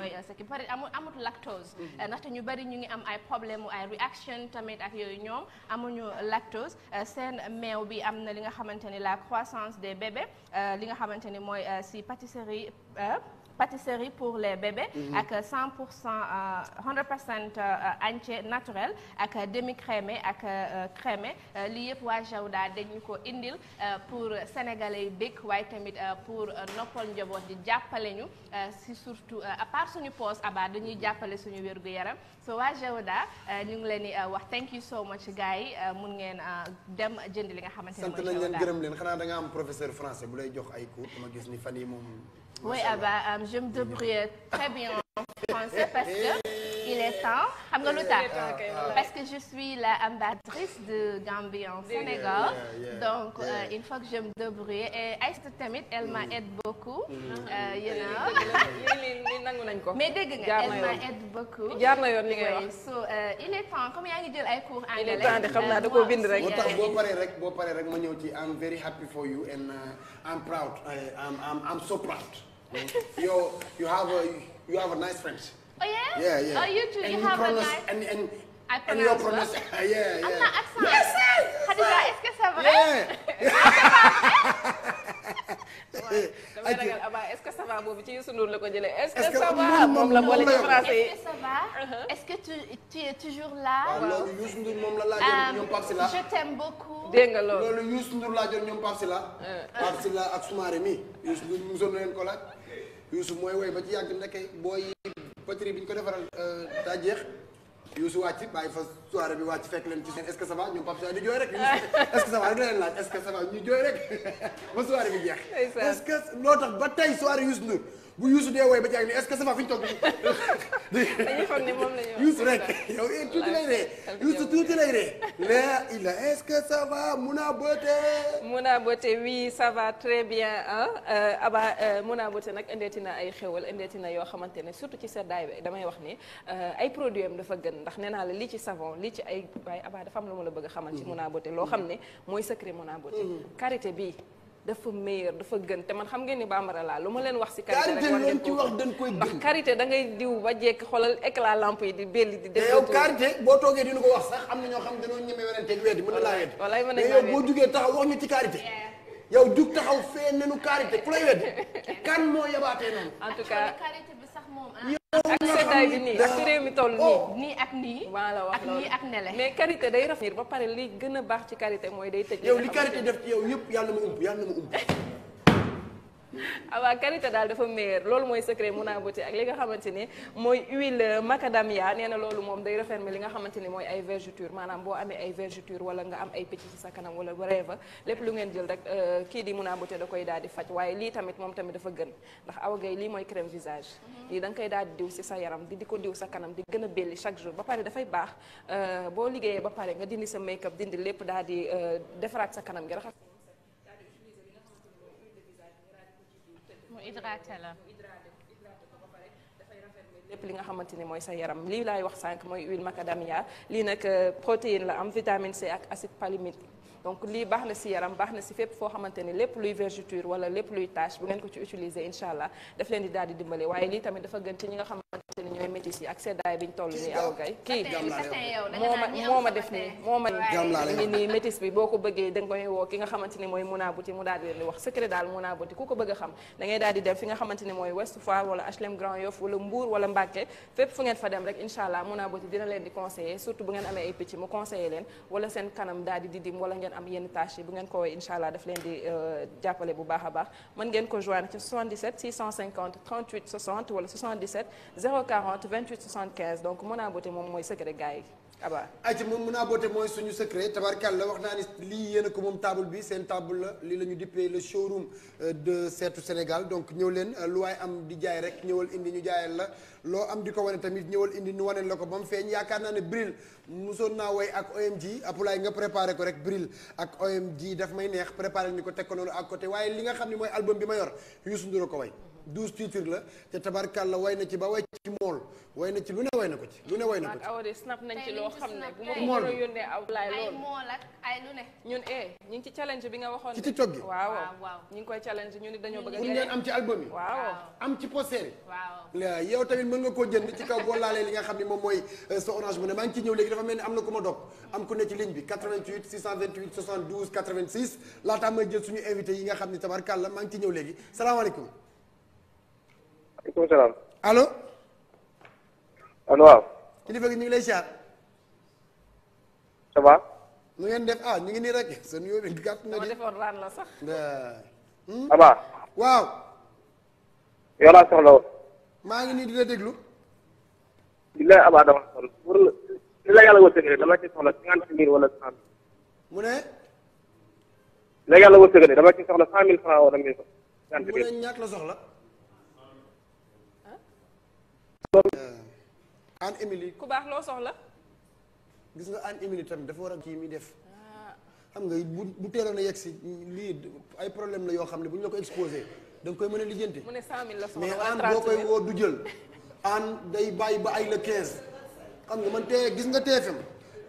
mooy euh, ce qui peut amul amut lactose mhm. euh, ndaxte ñu bari ñu ngi am ay problème mu ay réaction tamit ak yooyu ñoom amuñu lactose euh, seen meew bi am na li nga xamante ni la croissance des bébés li nga xamante ni mooy si pâtisserie pâtisserie pour les bébés. Mhm. ak 100 cent 100 pour cent euh, euh, entier naturel ak demi euh, crémé ak crémé lii yëpp waa Jawda dañu ko indil pour sénégalais yi bëgg waaye tamit pour noppal njaboot di jàppale ñu si surtout à part suñu poos aba dañuy jàppale suñu wérgu yaram so waa Jawda ñu ngi leen di wax thank you so much gars yi mun ngeen dem jënd li nga xamante ne mooy Jawda sant nañ leen nga am professeur bu lay jox ay cours dama gis ni fan yi moom. Oui, Abba, ah euh, je me très bien en français parce que il est temps. xam nga lu tax ah, ah, que je suis la ambassadrice de Gambie en Sénégal donc il euh, faut que je me débrouille et Aïssatou tamit elle m'aide beaucoup. mais dégg nga elle m'aide beaucoup. yoon li ngay euh, il est temps comme yaa ngi jël ay cours anglais. il est temps de xam naa da koo bind rek. boo paree rek boo paree rek ma ñëw ci I'm very happy for you and I'm proud I'm I'm so proud. you you have a you have a nice French. Oh yeah. Yeah, yeah. Oh, you too. And you, you have pronounce, a nice. And and. I pronounce. And pronounce well. yeah, yeah. I'm not accent. Yes, yes, Khadija, est-ce que c'est vrai? waaw damay ragal Aba est-ce que ça va boobu ci Youssou Ndour la ko jëlee. est-ce que ça va moom la boole ci français yi. est-ce que ça va. Uh-huh. est-ce que tu tu es toujours là. waaw loolu Youssou Ndour moom la laajoon euh, ñoom Pape Sila. je t'aime beaucoup. dégg nga loolu loolu Youssou Ndour laajoon ñoom Pape Sila. Euh. Pape Sila ak Soumaré mi Youssou Ndour mosoon na leen ko laaj. Youssou mooy woy ba ci yàgg nekkee booy batterie bi ñu ko defaral euh, daa jeex Youssou wàcc bàyyi fa soirée bi wàcc ci est bi jeex est loo tax ba tey bu Youssou dee woy ba jaag ni est-ce que ça va fi ñu toog dañuy la ñu Youssou rek yow eh, a est-ce que ça bien euh, Aba euh, Mouna Beauté nag indeeti na ay xéwal indeeti na yoo xamante ne surtout ci seddaay bi damay wax ni euh, ay produit am dafa gën ndax nee naa la lii ci savon lii ci ay waaye abaa dafa am lu ma la bëgg a xamal ci mm-hmm. Mona Beauté loo xam ne mooy secret Mona Beauté mm-hmm. karité bii dafa meilleur dafa gën te man xam ngeen ni bambara laa lu ma leen wax si ci wax da ngay diw ba jekk xoolal éclat lampe yi di boo toogee dinu ko wax sax am na ñoo xam dañoo ñeme weranteeg weddi mën na laa weddi walaay mën na yow boo jugee taxaw wax ñu ci karité yow jug taxaw fee nenu karité ku lay weddi kan moo yabaatee noonu en tout cas bi sax moom ah. ak seddaay bi nii ak réew mi toll nii. Oh. nii ak nii. ak nii ak nele. mais karité day rafetlu ba pare li gën a baax ci karité mooy day tëj. yow li karité def ci yow yëpp yàlla na ma ump yàlla ma ump. awaa ah karité daal dafa meer loolu mooy secret mun a beauté ak li nga xamante ni mooy huile macadamia nee na loolu moom day refermer li nga xamante ni mooy ay vergeture maanaam boo amee ay vergeture wala nga am ay picc ci sa kanam wala brève lépp lu ngeen jël rek euh, kii di mun a da koy daal di faj waaye lii tamit moom tamit dafa gën ndax awa lii mooy crème visage mhm. lii da koy daal di diw si sa yaram di di ko diw sa kanam di gën a belli chaque jour ba pare dafay baax euh, boo liggéeyee ba pare nga dindi sa make dindi lépp daal di euh, defaraat sa kanam gi raxas hydraté la hydraté lépp li nga xamante ni mooy sa yaram lii laay wax sànq mooy huile macadamia lii nag euh, protéine la am vitamine C ak acide palmitique donc lii baax na si yaram baax na si fépp foo xamante ni lépp luy vergeture wala lépp luy tache bu ngeen ko ci utiliser incha allah daf leen di daal di dimbale waaye lii tamit dafa gën ci ñi nga xamante métis yi ak seddaay biñ toll nii aw gay kii def nii moo nii métis bi boo ko bëggee da woo ki nga xamante ni mooy Mouna mu daal leen di wax secret daal Mouna ku ko bëgg xam da ngay dem fi nga xamante ni mooy Ouest Foire wala HLM Grand Yoff wala Mbour wala Mbacké fépp fu ngeen fa dem rek incha allah dina leen di conseiller surtout bu ngeen amee ay picc mu conseiller leen wala seen kanam daal didim wala ngeen am yenn 30 28 75 donc mën naa boote moom mooy secret gars yi aba ayca moom mën naa boote mooy suñu secret tabarkal la wax naa ni lii yéen ko moom table bi seen table la lii la ñu dippee le showroom euh, de Seetu Sénégal donc ñëw leen euh, lu waaye am di jaay rek ñëwal indi ñu jaayal la loo am di ko wane tamit ñëwal indi ñu waneen la ko ba mu feeñ yaakaar naa ne Bril mosoon naa woy ak OMG apulaay nga préparé ko rek Bril ak OMG daf may neex préparé ñu ko teg ko noonu ak côté waaye li nga xam ne mooy album bi ma yor Youssou Ndour ko way douze titres la te tabarkàlla way na ci ba way ci mool way na ci lu ne way na ko ci lu ne way na ko ci. waaw awa ci loo xam ne bu ma ko mën a yónnee aw laay loolu ay mool ak ay lu ne. ñun eh ñu ngi ci challenge bi nga waxoon. ci gi waaw waaw ñu ngi koy challenge ñu ni dañoo bëgg a. pour am ci album yi. waaw am ci poster yi. yow tamit mën nga koo jënd ci kaw boo laalee li nga xam ne moom mooy euh, sa orange mu ne maa ngi ñëw léegi dafa mel ni am na ku ma dog am ku ne ci ligne bi 88 628 may jël suñu invité yi nga xam ne tabarkàlla maa ngi ciy ñëw léegi salaamaaleykum maaleykum salaam. allo. allo waaw. kilifa gi ñu ngi lay siyaar. ça va. nu ngeen def ah ñu ngi nii rek seen yooyu bi gàtt na di. defoon raan sax. Aba. Hmm? waaw. yow soxla maa ngi nii di la déglu. di la Aba dama soxla pour li la yàlla wërsëgalee dama ci soxla cinquante mille wala cent mille. mu ne. li la yàlla wërsëgalee dama ci soxla cent mille franc wala mille franc. mu ne ñaata la soxla. loolu Anne Émilie ku baax loo soxla gis nga Anne Émilie tamit dafa war a kii mi def xam nga bu bu na a si lii ay problème la yoo xam ne bu ñu la ko exposé da koy mën a lijjanti mu ne 100000 la soxla mais Anne boo koy woo du jël Anne day bàyyi ba ay le 15 xam nga man tee gis nga TFM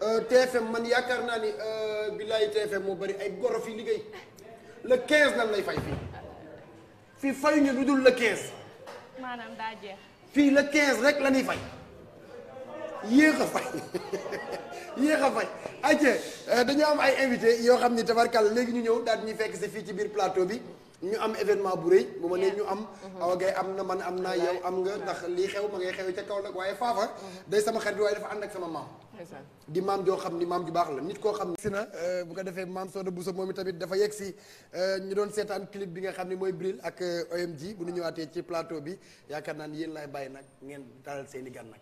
euh, TFM man yaakaar naa ni euh, billaay TFM moo bari ay goro fi liggéey le 15 lan lay fay fii fii fayuñu lu dul le 15 fii le quinze rek la ñuy fay yéex a fay yéex a fay. ayca euh, dañoo am ay invité yoo xam ni tabarkalla léegi ñu ñëw daal ñuy fekk si fii ci biir plateau bi ñu am événement bu rëy bu ma nee ñu am. Mm-hmm. Awa Gaye am na man am naa yow am nga ndax lii xew ma ngay xew ca kaw nag waaye faafa mm-hmm. day sama xarit waaye dafa ànd ak sama maam. di maam joo xam ni maam ju baax la nit koo xam ni euh, maam Soda Bousso moom tamit dafa yegg euh, ñu doon seetaan clip bi nga xam ne mooy Bril ak euh, OMG bu ñu ñëwaatee ci plateau bi yaakaar naa ni yéen laay bàyyi nag ngeen dalal seen i gan nag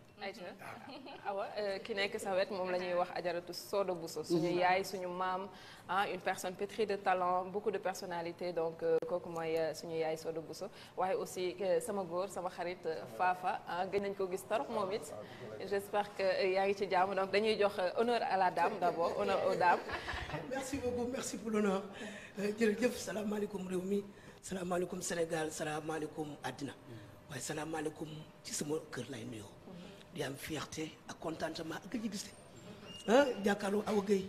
ki nekk sa wet moom la ñuy wax ajaratu Soda Bousso mm-hmm. suñu yaay suñu maam ah une personne pétrie de talent beaucoup de personnalité donc kooku mooy suñu yaay Soda Bousso waaye aussi sama góor sama xarit Fafa ah gën nañ ko gis torop moom donc dañuy jox euh, honneur à la dame d'abord honneur aux dames. merci beaucoup merci pour l'honneur euh, jërëjëf salaamaaleykum réew mi salaamaaleykum Sénégal salaamaaleykum àddina waaye salaamaaleykum ci sama kër lay nuyoo. di am fierté ak contentement ak gëj gis ah jàkkaarloo Awa Gueye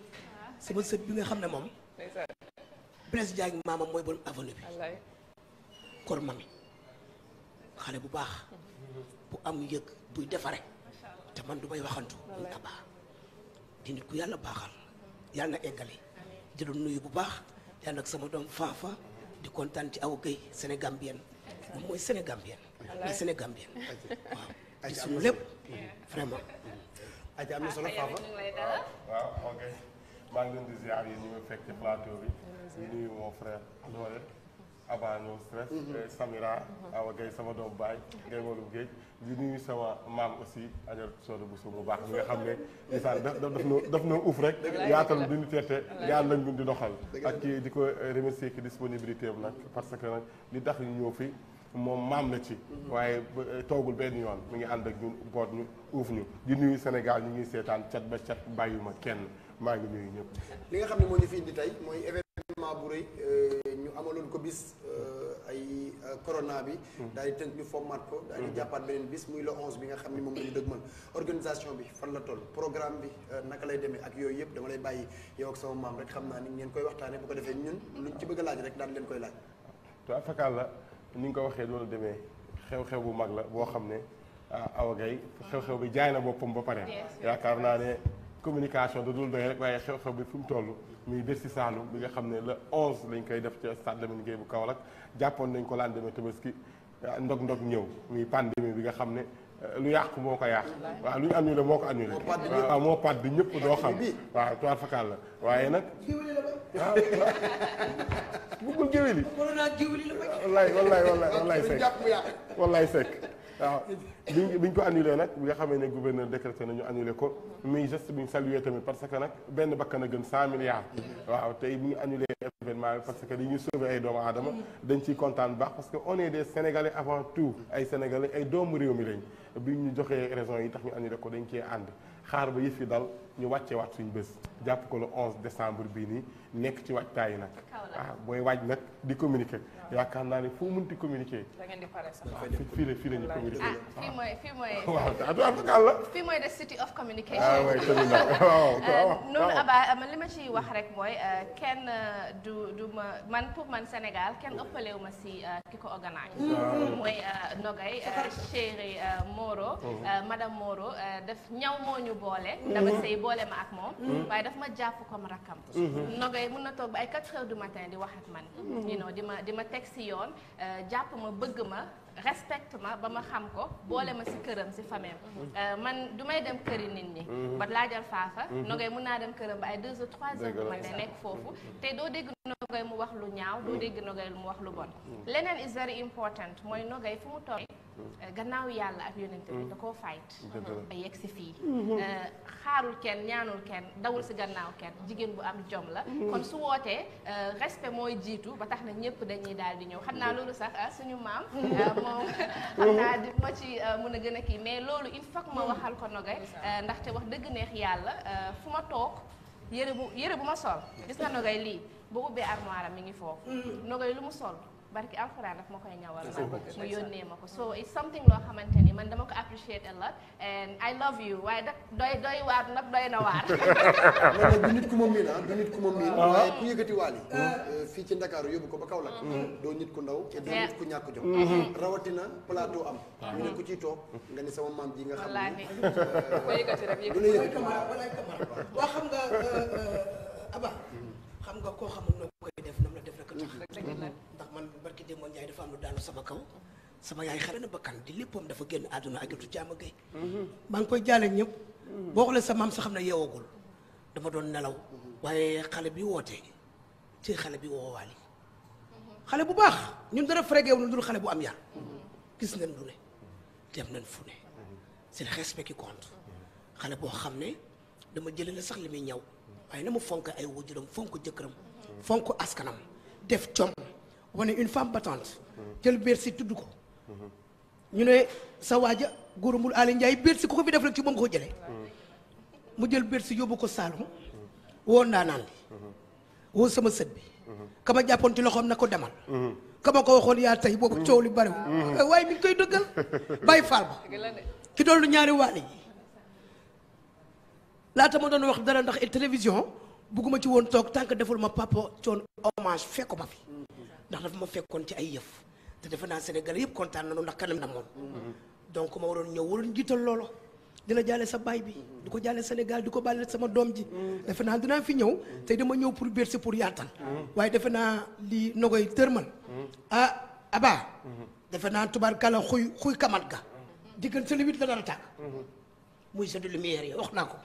sama sët bi nga xam ne moom. Blaise Diagne maamam mooy borom avenue bi. kor mami xale bu baax bu am yëg buy defare man du may waxantu mun na baax nit ku yàlla baaxal yàlla na eggali di nuyu bu baax yàlla nag sama doom faafa di kontaan ci aw gay sénégambien moom mooy sénégambien mooy sénégambien waaw ci suñu lépp vraiment aja am na ah, solo faafa waaw ngi leen nuyu mon frère avant no stress mhm. euh, Samira mhm. Awa Gueye sama doom baay Gueye Maloum géej di nuyu sewa maam aussi ajar sooda bu mu baax mi nga xam ne isaan daf daf no uuf rek yaatal duñu teerte yaan lañ gun di doxal ak ki di ko remercier ki disponibilité am nag parce que nag li tax ñu ñëw fi moom maam la ci mhm. waaye euh, toogul benn yoon mu ngi ànd ak ñun boot ñu uuf ñu di nuyu Sénégal ñu ngi seetaan cat ba cat bàyyuma kenn maa ngi nuyu ñëpp ment bu rëy euh, ñu amaloon ko bis euh, ay euh, corona bi hmm. daal di tënk ñu format ko daal di hmm. jàppaat beneen bis muy le onze bi nga xam ne moom lañu dëgmal organisation bi fan la toll programme bi naka lay demee ak yooyu yëpp dama lay bàyyi yow ak sama maam rek xam naa ni ngeen koy waxtaanee bu ko defee ñun ñu ci bëgg laaj rek daal leen koy laaj to afakaal la ni nga ko waxee loolu demee xew-xew bu mag la boo xam ne ah, Awa Gaye xew-xew bi jaay na boppam ba pare yaakaar naa ne communication da dul doy rek waaye xew-xew bi fi mu toll muy si Saloum bi nga xam ne le 11 lañ koy def ci stade Lamine Gueye bu Kaolack jàppoon nañ ko lendemain ki ah, ndog-ndog ñëw muy pandémie bi nga xam ne euh, lu yàqu moo ko yàq waaw lu ñu moo ko annulé waaw moo pat bi ñëpp doo xam waaw toir fakal la waaye nag ah bëggul géwéli wallaay wallaay wallaay wallaay sekk waaw ah, biñ biñ ko annulé nag bi nga xamee ne gouverneur décrété nañu annulé ko muy geste bu ñu salué tamit parce que nag benn bakkan a gën cent milliards waaw tey bu ñu annulé événement bi parce que li ñu sauvé ay doomu aadama dañ ciy kontaan baax parce que on est des sénégalais avant tout ay sénégalais ay doomu réew mi lañ bi ñu joxee raison yi tax ñu annulé ko dañ cee ànd xaar ba yëf yi dal ñu wàccee waat suñu bés jàpp ko le onze décembre bii nii nekk ci waajtaay nag waaw ah, booy waaj nag di communiquer yaakaar naa ne foo mënti communiquer. da ngeen di pare sax fii ah, fii mooy fii mooy. waaw la. fii mooy the city of communication. li ma ciy wax rek mooy euh, kenn euh, du du ma man pour man Sénégal kenn ëppalewu ma si euh, ki ko organise. Ah, mooy Nogay chéri Moro. Oh, madame Moro daf ñaw moo ñu boole. dama mm-hmm. sëy boole ma ak moom. Mm-hmm. waaye daf ma jàpp comme rakam. Mm-hmm. Nogay mun na toog ba ay 4 du matin di wax ak man. you know di ma teg teg si yoon euh, jàpp ma bëgg ma respecte ma ba ma xam ko boole ma si këram si fameem mhm. euh, man du may dem këri nit ñi mhm. ba laajal faafa mhm. nogay mun naa dem këram ba ay deux ou trois heures du matin nekk foofu te doo dégg nogay mu wax lu ñaaw doo dégg nogay mu wax lu bon leneen is very important mooy nogay fu mu toll Euh, gannaaw yàlla ak yonent bi mm-hmm. da koo fayit ba yegg si fii mm-hmm. euh, xaarul kenn ñaanul kenn dawul si gannaaw kenn jigéen bu am jom la mm-hmm. kon su wootee euh, respect mooy jiitu ba tax na ñëpp dañuy daal di ñëw xam naa loolu sax suñu maam moom xam naa di ma ci mën a gën a kii mais loolu il faut que ma waxal ko nogay ndaxte wax dëgg neex yàlla fu ma toog yére bu yére bu ma sol gis nga nogay lii bu ubbee armoire mi ngi foofu nogay lu mu sol barki alxuraan daf ma koy ñawal ma mu yónnee ma ko so it's something loo xamante ni man dama ko appreciate a lot and I love you waaye nag doy doy waar nag doy na waar man du nit ku ma miin ah du nit ku ma miin ah. waaye ku yëkkati waal yi ah. eh, fii ci Ndakaaru yóbbu ko ba kaw Kaolack mm-hmm. doo nit ku ndaw doo nit ku ñàkk jom mm-hmm. rawatina plateau am ah. ñu ne ku ciy toog nga ne sama maam ji nga xam ne eh, ko yëkkati xam nga eh, Aba mm-hmm. nga koo xamul noo koy def nam la def rek a tax barki démb Ndiaye dafa am lu yaay xale na bakkan di léppam dafa génn àdduna ak jotu jaama gay koy jaale ñëpp. boo xoolee sa sa xam ne yeewagul dafa doon nelaw waaye xale bi woote ci xale bi woowaali xale bu baax ñun dara frégeew nu dul xale bu am yar gis nañ lu ne def nañ fu ne c'est le respect compte xale boo xam ne dama jële la sax li muy ñaw waaye na mu fonk ay waajuram fonk jëkkëram fonk askanam def com wane une femme battante jël Bercy tudd ko ñu ne sa waaja góor mbul Aly Ndiaye Bercy ku ko fi def rek ci moom nga ko jëlee mu jël Bercy yóbbu ko Saalum woo ndaanaan li woo sama sët bi kama jàppoon ci loxoom na ko demal kama ko waxoon yaa tey boobu coow lu bariw eh, waaye mi ngi koy dëggal bàyyi faal ba ki doon lu ñaari waale yi laata ma doon wax dara ndax télévision bugguma ci woon toog tant que deful ma papa coon hommage fekku ma fi ndax dafa ma fekkoon ci ay yëf te defe naa Sénégal yëpp kontaan nañu ndax kanam na moom donc ma waroon ñëw waroon jiital loolo dina jaale sa baay bi di ko jaale Sénégal di ko baale sama doom ji naa dinaa fi ñëw tey dama ñëw pour berse pour yaatal waaye defe naa li nogoy tërmal ah abaa defe naa tubaarkàlla xuy xuy kamat ga diggante le huit la dara tàkk de lumière yi wax naa ko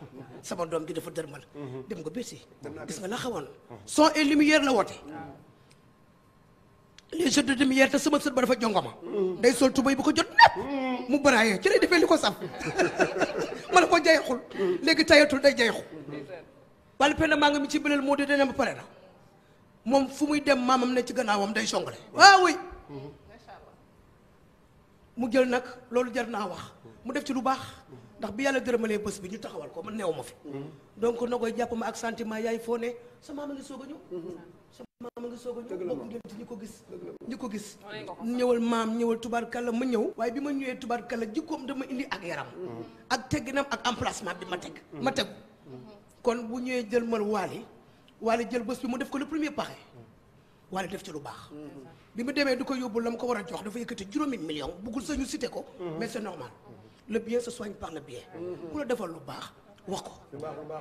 sama doom ji dafa tërmal dem nga berse gis nga la xawoon son et la woote les jeunes de demi te sama sët ba dafa jongoma day sol tubay bu ko jot nepp mu baraayee ci lay defee li ko sam ma ne ko jayaxul léegi tayatul day jayaxu bal pen maa nga mi ci bëleel moo di dene ba pare na moom fu muy dem maamam ne ci gannaawam day songale waaw mu jël nag loolu jar naa wax mu def ci lu baax ndax bi yàlla dërëmalee bés bi ñu taxawal ko man neew ma fi mm-hmm. donc na koy jàpp ak sentiment yaay foo ne sa maama ngi soog a ñëw maam nga soog a ñëw bokk ngeen ci ñi ko gis ñi ko gis ñëwal maam ñëwal tubaarkalla ma ñëw waaye bi ma ñëwee tubaarkalla jikkoom dama indi ak yaram mm-hmm. ak tegginam ak emplacement bi ma teg mm-hmm. mm-hmm. kon bu ñëwee jël mal waali waali jël bés bi mu def ko le premier paxe waali def ci lu baax bi mu demee du ko yóbbu la ko war a jox dafa yëkkati juróomi million buggul sañu cité ko mais c'est normal le bien se soigne par le bien ku la defal lu baax wax ko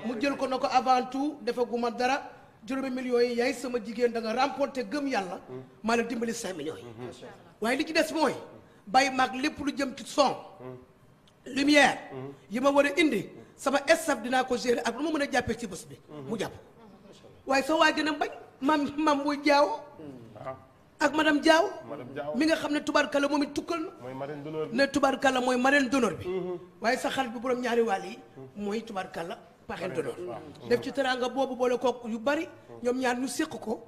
mu jël ko na ko avant tout defaguma dara juróomi millions yi yaay sama jigéen da nga gëm yàlla maa la dimbali cinq millions yi waaye li ci des mooy bàyyi mag lépp lu jëm ci son lumière yi ma war a indi sama staff dinaa ko gérer ak lu ma mën a jàppee ci bés bi mu jàpp waaye soo waa gën a bañ maam maam muy jaaw ak madame Diaw mi nga xam ne tubaarkalla moom it tukkal na ne tubaarkalla mooy marraine d'honneur bi waaye sa xarit bi borom ñaari waal yi mooy tubaarkalla paxente doon def ci teraanga boobu boole kooku yu bari ñoom ñaar ñu séq ko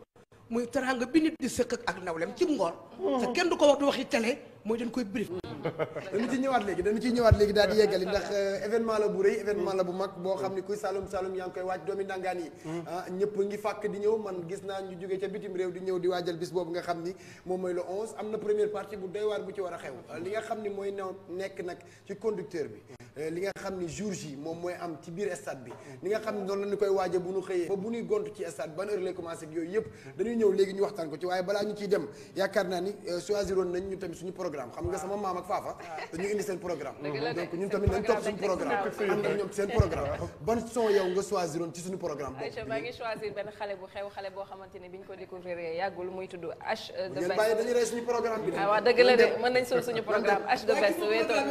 muy teraanga bi nit di séq ak nawlem ci ngor te mm. kenn du ko wax du waxi télé mooy dañ koy brief dañu ci léegi dañu ciy ñëwaat léegi daal di yeggali ndax euh, événement bu rëy événement bu mag boo xam ni kuy Saloum Saloum yaa ngi koy waaj doomi ndàngaan yi mm. ah, ñëpp ngi fàkk di ñëw man gis naa ñu jógee ca bitim réew di ñëw di waajal bis boobu nga xam ni moom mooy le 11 am na première partie bu doy waar bu ci war a xew li nga xam ni mooy new nekk nag ci conducteur bi Euh, li nga xam ni jour J moom mooy am ci biir stade bi li nga xam ne noonu la ñu koy waaje bu ñu xëyee ba bu ñuy gont ci stade ban a lay commencé ak yooyu yëpp dañuy ñëw léegi ñu waxtaan ko ci waaye euh, suñu programme xam nga sama maam ak faafa dañu suñu programme am nga ñoom seen programme nga choisiroon ci suñu programme boobu maa xew xale boo xamante bi ñu ko découvrir yàggul muy tudd H de suñu programme bi ah, waaw dëgg la de mën nañ suñu programme H de best weetoon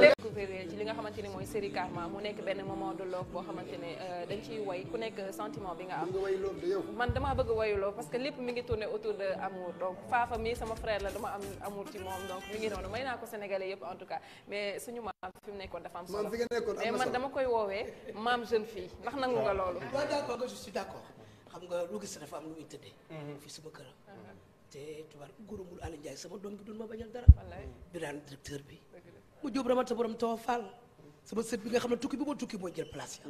découvrir ci li nga xamante ni mooy série Karma mu nekk benn moment de love boo xamante ne euh, dañ ciy way ku nekk sentiment bi nga am man damaa bëgg wayu love parce que lépp mi ngi tourné autour de amour donc Fafa sama frère la dama am amour ci moom donc mi ngi noonu may naa ko sénégalais yëpp en tout cas mais suñu maam fi mu nekkoon dafa am solo mais man dama koy woowee maam jeune fille ndax nga loolu waaw d'accord je suis d'accord xam nga lu gis dafa am lu muy tëddee mm-hmm. fii sama kër mm-hmm. te tubaar góoramul Aliou Ndiaye sama doom bi dul ma bañal dara biraan directeur bi mu jóob ramat sa borom tawa faal sama sët bi nga xam ne tukki bi ma tukki mooy jël place ya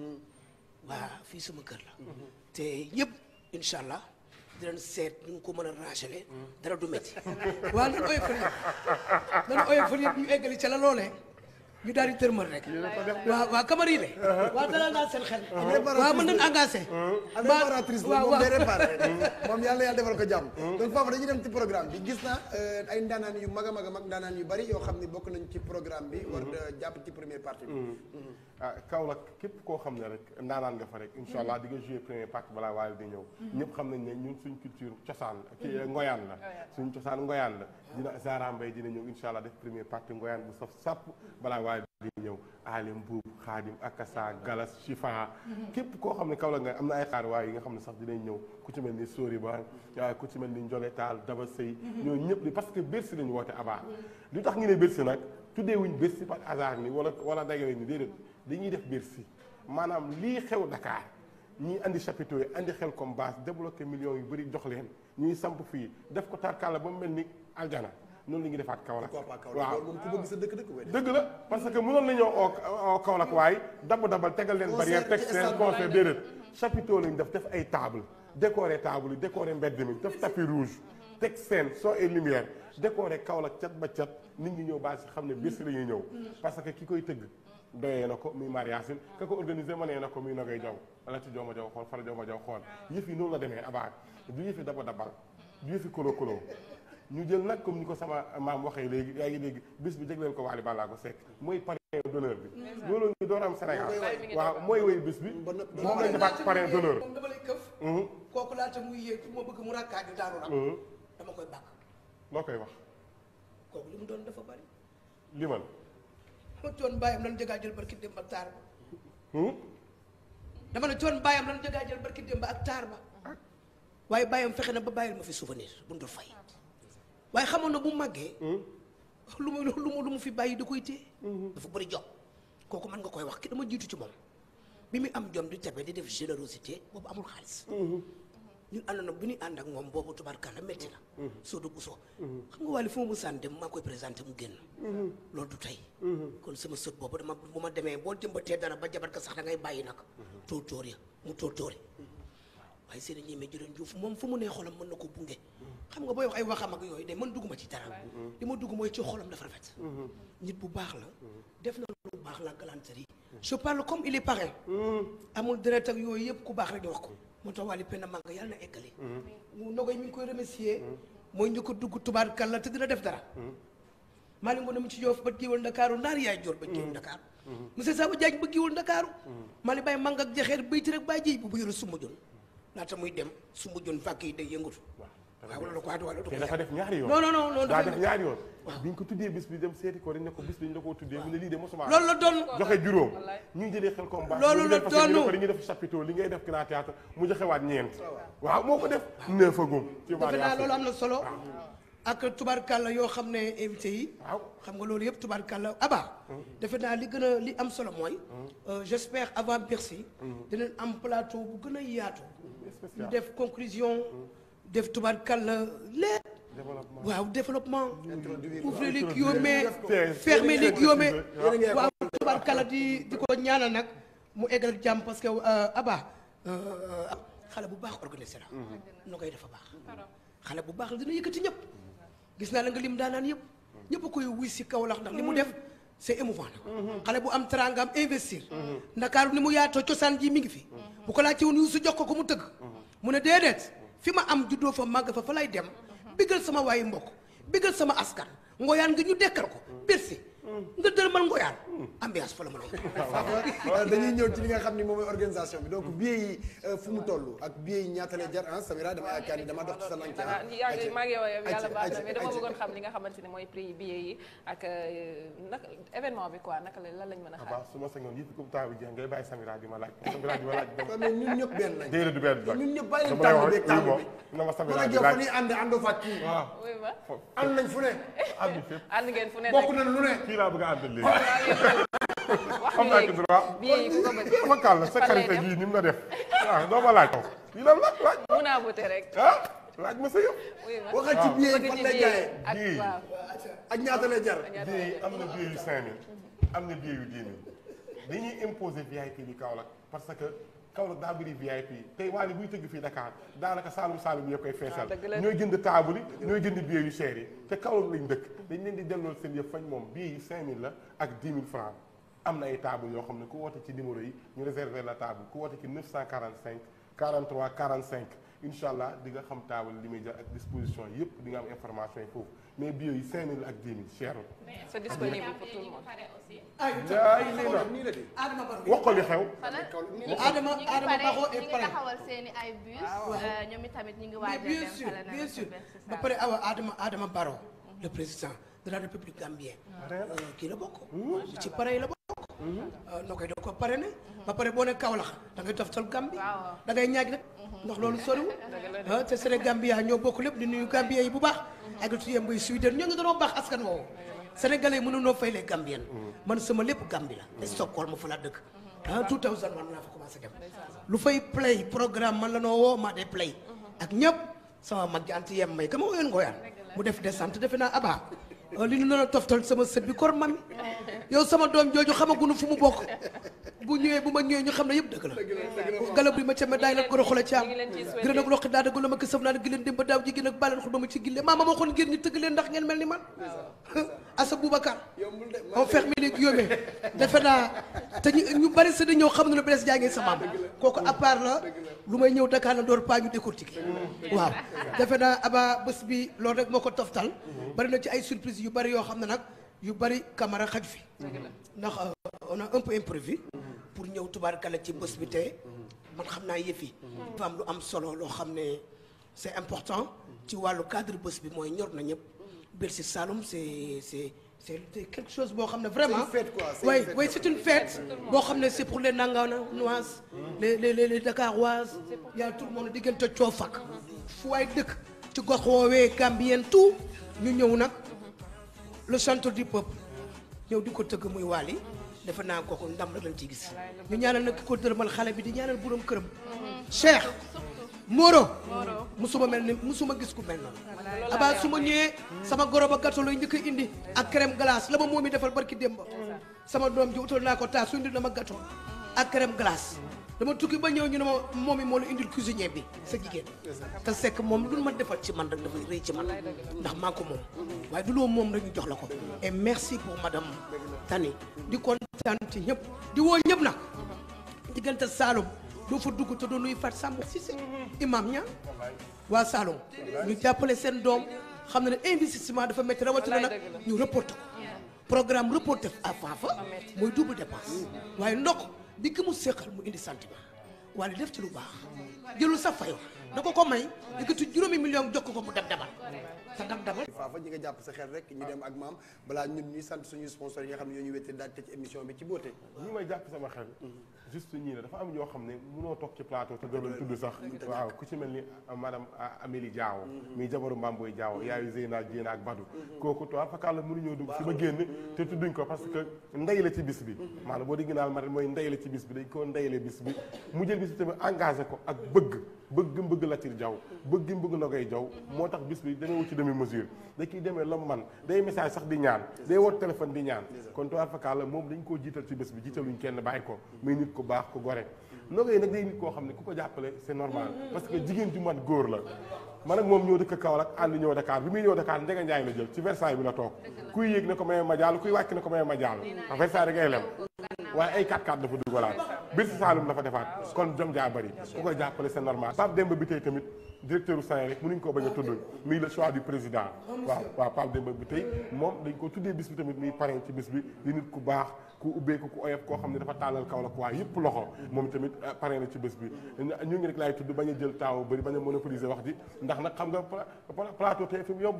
waaw fii sama kër la te yëpp incha allah di seet ñu ngi ko mën a rageler dara du métti nan oyo fël nan oyo fël yëpp ñu eggali ca la loolee ñu daal di tërmal rek. waaw waaw kamar yi de. Uh-huh. waaw dalal naa seen xel. Uh-huh. waaw mën nañu engagé. Uh-huh. ak réparatrice la moom day réparé. moom yàlla yàlla defal ko jàmm. donc foofu dañuy dem ci programme bi gis naa euh, ay ndaanaan yu mag a mag a mag ndaanaan yu bari yoo xam ne bokk nañ ci programme bi. war jàpp ci première partie bi. ah Kaolack képp koo xam ne rek ndaanaan nga fa rek incha allah di nga joué premier partie balaa waaye di ñëw mhm. ñëpp xam nañ ne ñun suñ culture cosaan ki mhm. ngoyaan la suñ cosaan ngoyaan la dina Zahra Mbaye dina ñëw incha allah def premier partie ngoyaan bu saf sàpp balaa waaye di ñëw Alim Buub Xaadim Akasa mhm. Galas Chifa képp koo xam ne Kaolack nga am na ay xaar waaye yi nga xam ne sax dinañ ñëw ku ci mel ni Sori Ba ku ci mel ni Njole Taal Daba Sey ñoo ñëpp li parce que Bercy lañu woote abaa lu tax ngi ne Bercy nag tuddee wuñ Bercy par hasard ni wala wala dagewee ni dañuy def Bercy maanaam lii xew Dakar ñuy indi chapiteau yi andi xel comme base débloqué millions yu bëri jox leen ñuy samp fii def ko tarkalla ba mu mel ni aljana noonu la ñuy defaat Kaolack. waaw moom ku bëgg sa dëkk dëkk dëgg la parce que mënoon nañoo oo oo Kaolack waaye dabu dabal tegal leen barrière teg seen conseil déedéet chapiteau lañ def def ay table décoré table yi mbedd mi def tapis rouge teg seen son et lumière décoré Kaolack cat ba cat nit ñi ñëw baa si xam ne Bercy la ñuy ñëw mm. parce que ki koy tëgg doyee na ko muy Maria Sine ka ko organisé mënee na ko muy Nogay Jaw ala ci jooma jaw xool fara jooma jaw xool yëf yi noonu la demee abaak du yëfi daba dabal du yëfi kolo kolo ñu jël nag comme ñu ko sama maam waxee léegi yaa ngi léegi bis bi jagleel ko Waly ko Seck mooy parrain d'honneur bi loolu ñu doon am Sénégal waaw mooy woy bis bi moom lañ defaat parrain d'honneur mm-hmm. kooku laata bëgg mu rakkaa ñu daanu rak mm-hmm. dama koy bàkk loo koy wax kooku li mu doon dafa bari limal ma coon bàyyam lan jëgaa jël barki démb ak taar ba hmm? dama ne coon bàyyam lan jëgaa jël barki démb ak taar ba waaye bàyyam fexe na ba bàyyil ma fi souvenir bu ndul fay waaye xamoon na bu màggee hmm? lu mu lu mu lu mu fi bàyyi da koy téye hmm. dafa bëri jom kooku mën nga koy wax ki dama jiitu ci moom bi muy am jom di tabe di def générosité boobu amul xaalis ñun àndoon na bu ñuy ànd ak moom boobu tubaarkàlla métti na. Mm-hmm. Mm-hmm. soo dugg soo. Mm-hmm. xam nga wàllu fu mu saan dem maa koy présenté mu génn. lool du tey. kon sama sët boobu dama bu ma demee boo jëmbatee dara ba jabar ka sax da ngay bàyyi nag. tóotóor ya mu tóotóore. waaye seen i ñeme jërën juuf moom fu mu nee xolam mën na ko bunge. xam nga booy wax ay waxam ak yooyu de man dugg ma ci dara. li ma dugg mooy ci xolam dafa rafet. nit bu baax la. def na lu baax la galanterie. je parle comme il est parrain. amul deret ak yooyu yëpp ku baax rek ñu ko. moo tax Waly Penda Manga yàlla na eggali. Mm-hmm. Nogoy mi ngi koy remercier. Mm-hmm. mooy ñu ko dugg tubaar kàlla te dina def dara. Mm-hmm. maa ngi mu ci Joof ba giwal Ndakaaru naar yaay joor ba giwal Ndakaaru. monsieur Saba Diagne ba giwal Ndakaaru. maa ngi bàyyi Manga ak jaxeer béyti rek bàyyi ji bu bu yore sumbu jun laata muy dem sumbu jun fàkk yi day yëngatu. waaw loolu quoi waaw te dafa def ñaari yoon. non non non dafa def ñaari yoon. bi ñu ko tuddee bis bi dem seeti ko dañ ne ko bis bi ñu la ko tuddee mu ne lii de mosuma. loolu la doon joxe juróom. ñuy jëlee xel combat. loolu la doonu ñu def chapiteau li ngay def grand théâtre mu joxe waat ñeent. waaw moo ko def neuf a góom. ci defe naa loolu am na solo. ak tubarkalla yoo xam ne invité yi. waaw xam nga loolu yëpp tubarkalla Aba. Mm. defe naa li gën a li am solo mooy. Mm. Euh, j'espère avant Bercy. Mm. dinañ am plateau bu gën a yaatu. ñu def conclusion def tubarkalla lépp. développement waaw développement. ouvrir les guillemets fermer les guillemets waaw tubarkalla di di ko ñaanal nag mu eggal ak jàmm parce que euh, Abba euh, euh, xale bu baax organisé la. Mhm. nu koy dafa baax. xale bu baax la dina yëkkati ñëpp. gis naa la nga lim daanaan yëpp. ñëpp koy wuy si kaw lax ndax li mu def. c'est émouvant nag mhm. xale bu am teraanga am investir mhm. ndakaaru ni mu yaatoo cosaan jii mi ngi fi bu ko laajte woon Youssou jox ko ko mu tëgg mu ne déedéet fi ma am juddoo fa màgg fa fa lay dem mhm. biggal sama waayu mbokk biggal sama askan ngoyaan ngi ñu dekkal ko birsi nga dërëmal ngoyaan ambiance fa la mën a dañuy ñëw ci li nga xam ni moom mooy organisation bi donc billet yi euh, fu mu toll ak billet yi ñaata jar ah Samira dama yaakaar ni dama dox ci sa lank ah. ah, yaa maa ngi ak euh, nag événement la lan lañ mën a ah, xaar su ma sañoon yëpp ngeen fu ne bokk nañ lu ne bii laa bëgg a àndal la sa karité gii ni mu la def waaw ah, doo ma laaj ko lii la naa voté rek. ah laaj ma sa yëpp. waxal ci ah. billet yi fan la jaayee bii ak ñaata jar. bii am na billet yu 5000 am na billet yu 10 000 dañuy imposer VIP bi Kaolack parce que. Kaolack daa bëri VIP tey waale buy tëgg fii Dakar daanaka Saalum Saalum yëpp koy feesal ah, ñooy jënd taabal yi ñooy jënd billet yu cher yi te Kaolack lañ dëkk dañ leen di delloo seen yëpp fañ moom billet yi 5000 la ak 10 000 francs am na ay taabal ñoo xam ne ku woote ci numéro yi ñu réserver la taabal ku woote ci 945 43 45 incha allah di nga xam taabal li muy jar ak disposition yëpp di nga am information yi mais bio yi ak 10 000 cher la. mais c'est disponible pour tout le monde. ay wax ko li xew. seen ay bus. Ah, euh, ñoom tamit ñu ngi waaj bien sûr ba pare awa Adama Adama Baro. le président de la République gambienne. Ah, euh, kii la bokk. ci pare la bokk. noo koy def ko pare ne. Mm-hmm. ba pare boo ne Kaolack da ngay toftal Gambie. da ngay ñaaj rek. Mm-hmm. ndax loolu soriwul. Ah, te Sénégal Gambie ñoo bokk lépp di nuyu Gambie yi bu baax. ak suyem bay suidèr ñoo ngi doonoo baax askan woowu sénégalais yi mënunoo fay les gambien man sama lépp gambi la te ma fa laa dëkk en 2000 man laa fa commencé dem lu fay play programme man la noo woo maa dee play ak ñëpp sama mag ji anti yem may ka ma woyoon ngooyaan mu def descente defe naa abaa Oh, li ñu nar a toftal sama sët bi kor man yow sama doom jooju xamaguñu fu mu bokk bu ñëwee bu ma ñëwee ñu xam ne yëpp dëgg la galab bi ma came daay la goro ñu tëgg leen ndax ngeen mel ni man asa boubacar on ferme les guillemets defe naa te ñu bari sa di ñëw xam ne lu bees jaa ngeen sa maam kooku à la lu may ñëw Dakar la door paa ñu décortiquer waaw defe naa aba bés bi loolu rek moo ko toftal bari na ci ay surprise yu bari yoo xam ne nag yu bari camara xaj fi ndax euh, on a un imprévu pour ñëw tubaarkala ci bés bi te man xam naa yëf yi lu am solo loo xam ne c'est important ci wàllu cadre bés bi mooy ñor na ñëpp Bercy Saloum c'est c'est c'est c'est quelque chose boo ne vraiment c'est une fête quoi oui oui c'est une fête boo xam ne c'est pour les Nanganoises les les les Dakaroises y a tout le monde diggante coofak fu waay dëkk ci gox woowee Gambien tu ñu ñëw nag le centre du peuple ñëw di ko tëgg muy Wally dafa naa kooku ndam rek lañ ciy gis ñu ñaanal nag ki ko dërëmal xale bi di ñaanal borom këram Cheikh Moro. musuma mel ni musuma gis ku mel noonu. abaa su ma ñëwee. sama goro ba gâteau lay njëkk indi. ak crème glace la ma moom i defal barki démba sama doom ji utal naa ko taas su indi na ma gâteau. ak crème glace. dama tukki ba ñëw ñu ne ma moom i moo la indil cuisinier bi sa jigéen. te sekk moom lu ma defal ci man rek dafay rëy ci man ndax maa ko moom. waaye du loo moom rek ñu jox la ko. et merci pour madame Tani. di kontaan ci ñëpp di woo ñëpp nag. diggante Saloum. doo fa dugg te doo nuyu Fatou Samb Cissé mm-hmm. imam ña waa Saloum ñu jàppale seen doom xam ne ne investissement dafa métti rawatina nag ñu reporté ko programme reporté à Fafa mooy double dépense mm-hmm. waaye ndok bi ki mu seqal mu indi sentiment wala def ci lu baax mm-hmm. jëlul sa fayo da ko ko may mu dem dabal sa dam dabal faafa nga jàpp sa xel rek ñu dem ak maam balaa ñun ñuy sant suñuy sponsor yi nga xam ne ñu wéttee daal tëj émission bi ci boote juste ñii la dafa am ñoo xam ne mënoo toog ci plateau te doon tudd sax waaw ku ci mel ni euh, madame euh, Amélie Diawo mm-hmm. muy jabaru Mbamboy Diawo mm-hmm. yaayu Zeyna Diéna ak Badou mm-hmm. kooku toi fakkaat la mënuñoo dugg si ba génn te tudduñ ko parce que ndey la ci bis bi maanaam boo dégg naa ma mooy ndey la ci bis bi dañ koo ndey bis bi mu jël bis bi tamit engagé ko ak bëgg bëgg mbëgg Latir Diaw bëgg mbëgg Nogay Diaw moo tax bis bi demeewul ci demi mesure da kiy demee lam man day message sax di ñaan day woot téléphone di ñaan kon toir fakala moom dañ ko muy nit ku baax ku gore Nogay koo xam ne ku ko jàppale c'est normal parce que jigéen ju góor la man ak moom ñëw dëkk Kaolack ànd ñëw Dakar bi muy ñëw Dakar Ndege Njaay la jël ci Versailles bi la toog kuy yéeg ne ko may ma jàll kuy wàcc ne ko may ma jàll Versailles rek lem waaye ay 4-4 dafa dugalaat biir si Saalum dafa defaat kon jom jaa bëri ku koy jàppale c'est normal Pape Demba bi tey tamit directeur u SAER rek mënuñ koo bañ a tudd muy le choix du président waaw waaw Pape Demba bi tey moom dañ ko tuddee bis bi tamit muy parrain ci bis bi di nit ku baax ku ubbeeku ku oyof koo xam ne dafa taalal kaw la waaye yëpp loxo moom tamit euh, pare na ci bés bi ñu ngi rek laay tudd bañ a jël taaw bëri bañ a monopoliser wax ji ndax nag xam nga plateau TFM di wax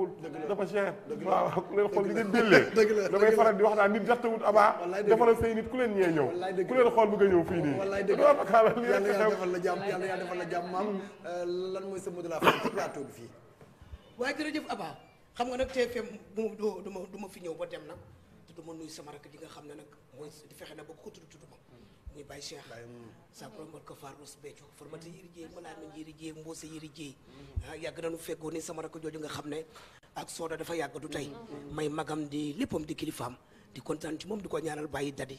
naa nit jattawut abaa defaral say nit ku leen ñee ñëw ku leen xool bëgg a ñëw fii nii doapakaala li defal la jàmm yàlla yàlla defal la jàmm maam euh, lan mooy sa mot de la fin ci plateau bi fii waaye jërëjëf abaa xam nga nag TFM du ma du ma fi ñëw ba dem te du ma nuyu sama rakk ji nga xam mooy di fexe na ba ko tudd tudd ko muy Baye Cheikh sapro mbar ko far Ross Béthio formata mm. yëri jéey malaa ma yëri jéey mboose yëri jéey ah, yàgg nañu feggoo ni sama rakk jooju nga xam ne ak sooda dafa yàgg du tey mm. Mm. may magam di léppam di kilifaam di kontaan ci moom di ko ñaanal bàyyi dadi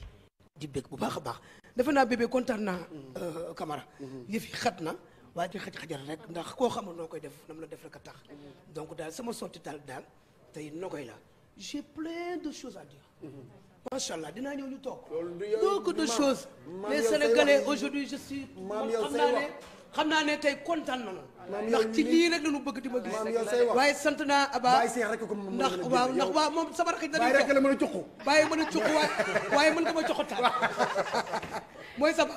di bëgg bu baax a baax defe naa bébé kontaan naa euh, Camara mm-hmm. yëf yi xat na waaye ci xaja xajal rek ndax koo xamul noo koy def nam la def rek a tax mm-hmm. donc daal sama sotti daal tey no koy la j'ai macha allah dinaa ñëw ñu toog. beaucoup de choses. les sénégalais aujourd'hui je suis. maam xam naa ne xam naa ne tey kontaan nañu. ndax ci lii rek lañu bëgg di ma gis. waaye sant naa Aba. ndax waaw ndax waaw moom sama rakk danañu toog. bàyyi mën a cuq. bàyyi mën a cuq waaye mën nga ma joxotaal. mooy sama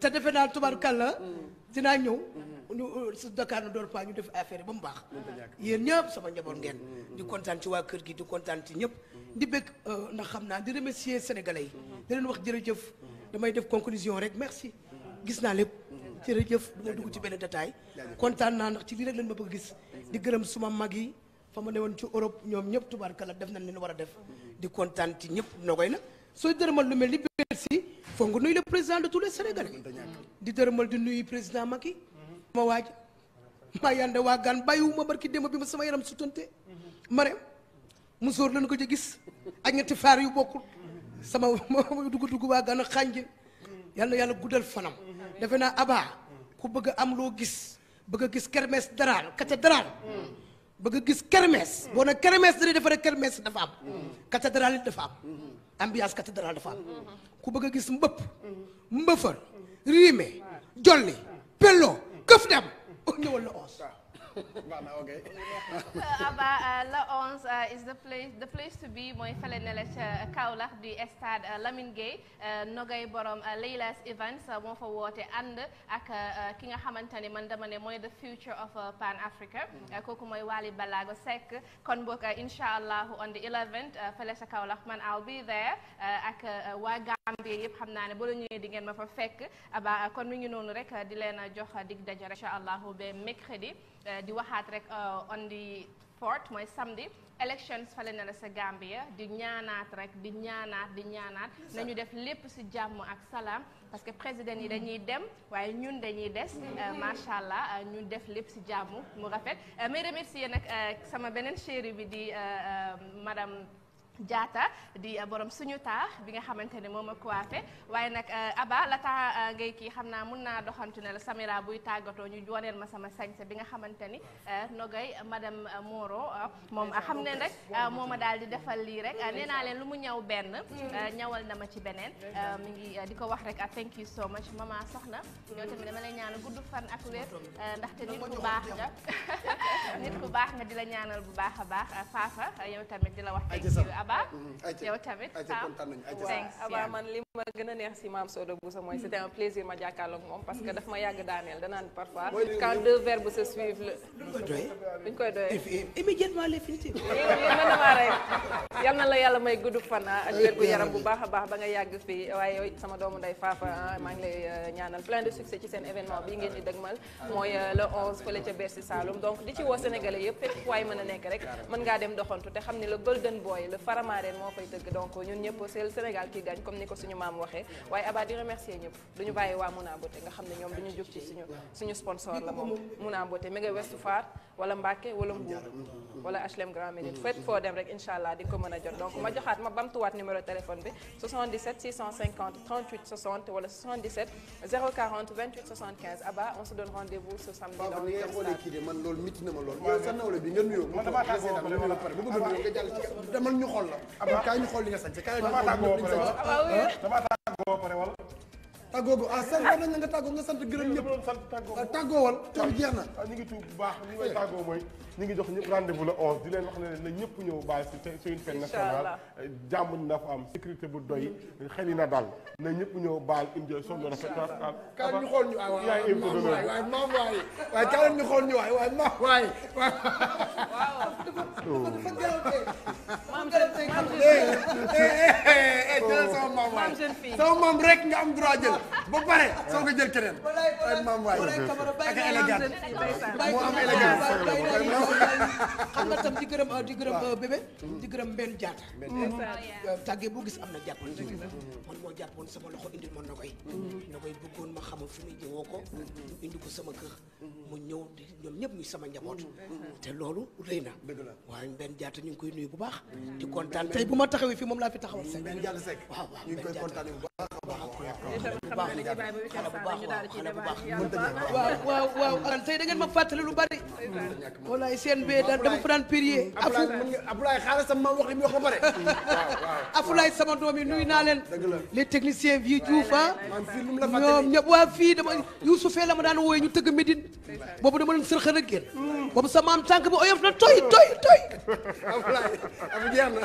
te defe naa tubaarkàlla dinaa ñëw. ñu su euh, Dakar na door pas ñu def affaire ba mu baax. yéen ñëpp sama njaboot ngeen. di kontaan ci waa kër gi di kontaan ci ñëpp. di bëgg euh, ndax xam naa di remercier sénégalais yi. Mhm. di leen wax jërëjëf. Mhm. damay def conclusion rek merci. Mhm. gis naa lépp. jërëjëf du ma dugg ci benn détail. kontaan naa ndax ci lii la lañ ma bëgg gis. di gërëm suma mag yi fa ma ne woon ci Europe ñoom ñëpp tubaarkala def nañ leen war a def. di kontaan ci ñëpp nogoy na sooy dërëmal lu mel ni Bercy foog nga nuyu le président de tous les sénégalais. di dërëmal di nuyu président Macky. ma waaj maa yànde waa gaan bàyyiwuma barki démb bi ma sama yaram sutante. ma musóor lañ ko ca gis ak ñetti faar yu bokkul sama dugg dugg waa gànn xànj yàlla yàlla guddal fanam defe naa abaa ku bëgg am loo gis bëgg a gis kermesse daraal cathédrale bëgg a gis kermesse boo ne kermesse dañuy defaree kermesse dafa am cathédrale it dafa am ambiance cathédrale dafa am ku bëgg a gis mbëpp mbëfër riime jolli pello këf dem ñëwal la oos Aba euh, euh, la onze euh, is the place to be mooy fële ne la ca Kaolack di stade Lamine Nogay borom Leyla's Events moo fa woote ànd ak ki nga xamante ne man dama ne mooy the future of Pan Africa kooku mooy Wally Ballago Seck kon boog incha allahu on the 11th fële ca man I'll ak waa Gambie yëpp xam naa ne ba la ñëwee di ma fa fekk Aba kon mu ngi noonu rek di leen jox dig daje rek incha allahu ba mercredi Eh, di waxaat rek eh, on the fourth mooy samdi elections fale na la sa Gambia di ñaanaat rek di ñaanaat di ñaanaat nañu def lépp ci jàmm ak salaam parce que président yi dañuy dem waaye ñun dañuy des eh, macha allah ñu def lépp ci jàmm mu rafet may nag sama beneen chérie bi di madame jaata di eh, borom suñu taax bi nga xamante ne moom a coiffé waaye nag eh, Aba la tax eh, ngay kii xam naa mun naa doxantu ne la Samira buy tàggatoo ñu woneel ma sama sañse bi nga xamante ni Nogay madame Moro moom a xam ne rek moom a daal di defal lii rek nee naa leen lu mu ñaw benn ñawal na ma ci beneen mu ngi di ko wax rek ah, thank you so ma maa soxna yow tamit dama lay ñaanal gudd fan ak wér ndaxte nit ku baax nga nit bu baax nga di la ñaanal bu baax a baax Fafa yow tamit di la Aba. Mm-hmm. yow tamit Aba man li ma gën a neex si maam Soda Bousso mooy c'était un plaisir ma jàkkaarloog moom parce que daf ma yàgg daaneel danaan parfois quand deux verbes se suivent la. duñ koy doyee immédiatement l'infinitif. yal na la yàlla may gudd fan ah, ak wér gu yaram bu baax a baax ba nga yàgg fii waaye sama doomu nday Fafa ah, maa ngi lay euh, ñaanal plein de succès ci seen événement bi ngeen di dëgmal mooy euh, le 11 fële ca Bercy Saloum donc di ci woo Sénégalais yëpp fépp mën a nekk rek mën ngaa dem doxantu te xam ni Paramareen moo koy dëgg donc ñun ñëpp c'est Sénégal qui gagne comme ni ko suñu maam waxee waaye Aba di remercier ñëpp duñu bàyyi waa Mouna Beauté nga xam ne ñoom duñu jóg ci suñu sponsor la moom Mouna Beauté mi nga Ouest Foire wala Mbacké wala Mbour wala HLM Grand Médine fépp dem rek incha allah di ko mën a jot donc ma joxaat ma bamtuwaat numéro téléphone bi bi nga nuyoo. man damaa taasee dama la pare bu ko déglu nga jàll ci damal ñu xool la. Abdou kaay ñu xool li nga sañ. kaay ñu xool li nga sañ. damaa tàggoo ba pare wala. tàggoo ko ah sant nañ la nga sant gërëm ñëpp sant tàggoowal coono jeex na ñu ngi tuub bu baax ñu may tàggoo mooy ñu ngi jox ñëpp rendez-vous la 11 di leen wax ne leen na ñëpp ñëw bàyyi na fa am sécurité bu doy xel yi na dal na ñëpp ñëw baal enjoy sonn rafet ka xool ñu waay waay maam waay waay ka ñu xool ñu waay waay maam waay waaw rek nga am droit jël ba pare soo ko jël keneen. ay maam waay ak élégant moo am élégant. xam nga tam di gërëm di gërëm euh, bébé. di gërëm benn jaata. Mm-hmm. Euh, oh, tàggee boo gis am na jàppoon. Mm-hmm. man moo jàppoon sama loxo indil ma Nogoy. Mm-hmm. Nogoy bëggoon ma xamul fi muy jëwoo ko. indi ko sama kër. mu ñëw ñoom ñëpp muy sama njaboot. te loolu rëy na. waaye benn jaata ñu ngi koy nuyu bu baax. di kontaan tey bu ma taxawee fii moom laa fi taxawal. benn jaata Seck waaw waaw benn jaata ñu ngi koy kontaanee bu baax. baax xale bu baax waaw waaw waaw tey ma fàttali lu bari. walaay seen bee da dama fa daan prier. afu Abdoulaye xaaral sama wax li mu wax ba pare. Abdoulaye sama yi nuyu naa leen. les techniciens yi Diouf ah. ñoom ñëpp waa fii dama Youssou Fee la daan wooyee ñu tëgg Médine. boobu dama doon sërxën ak génn. boobu sama am tànk bi oyof na toy toy toy. Abdoulaye amu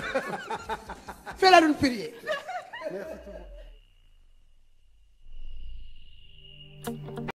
thank you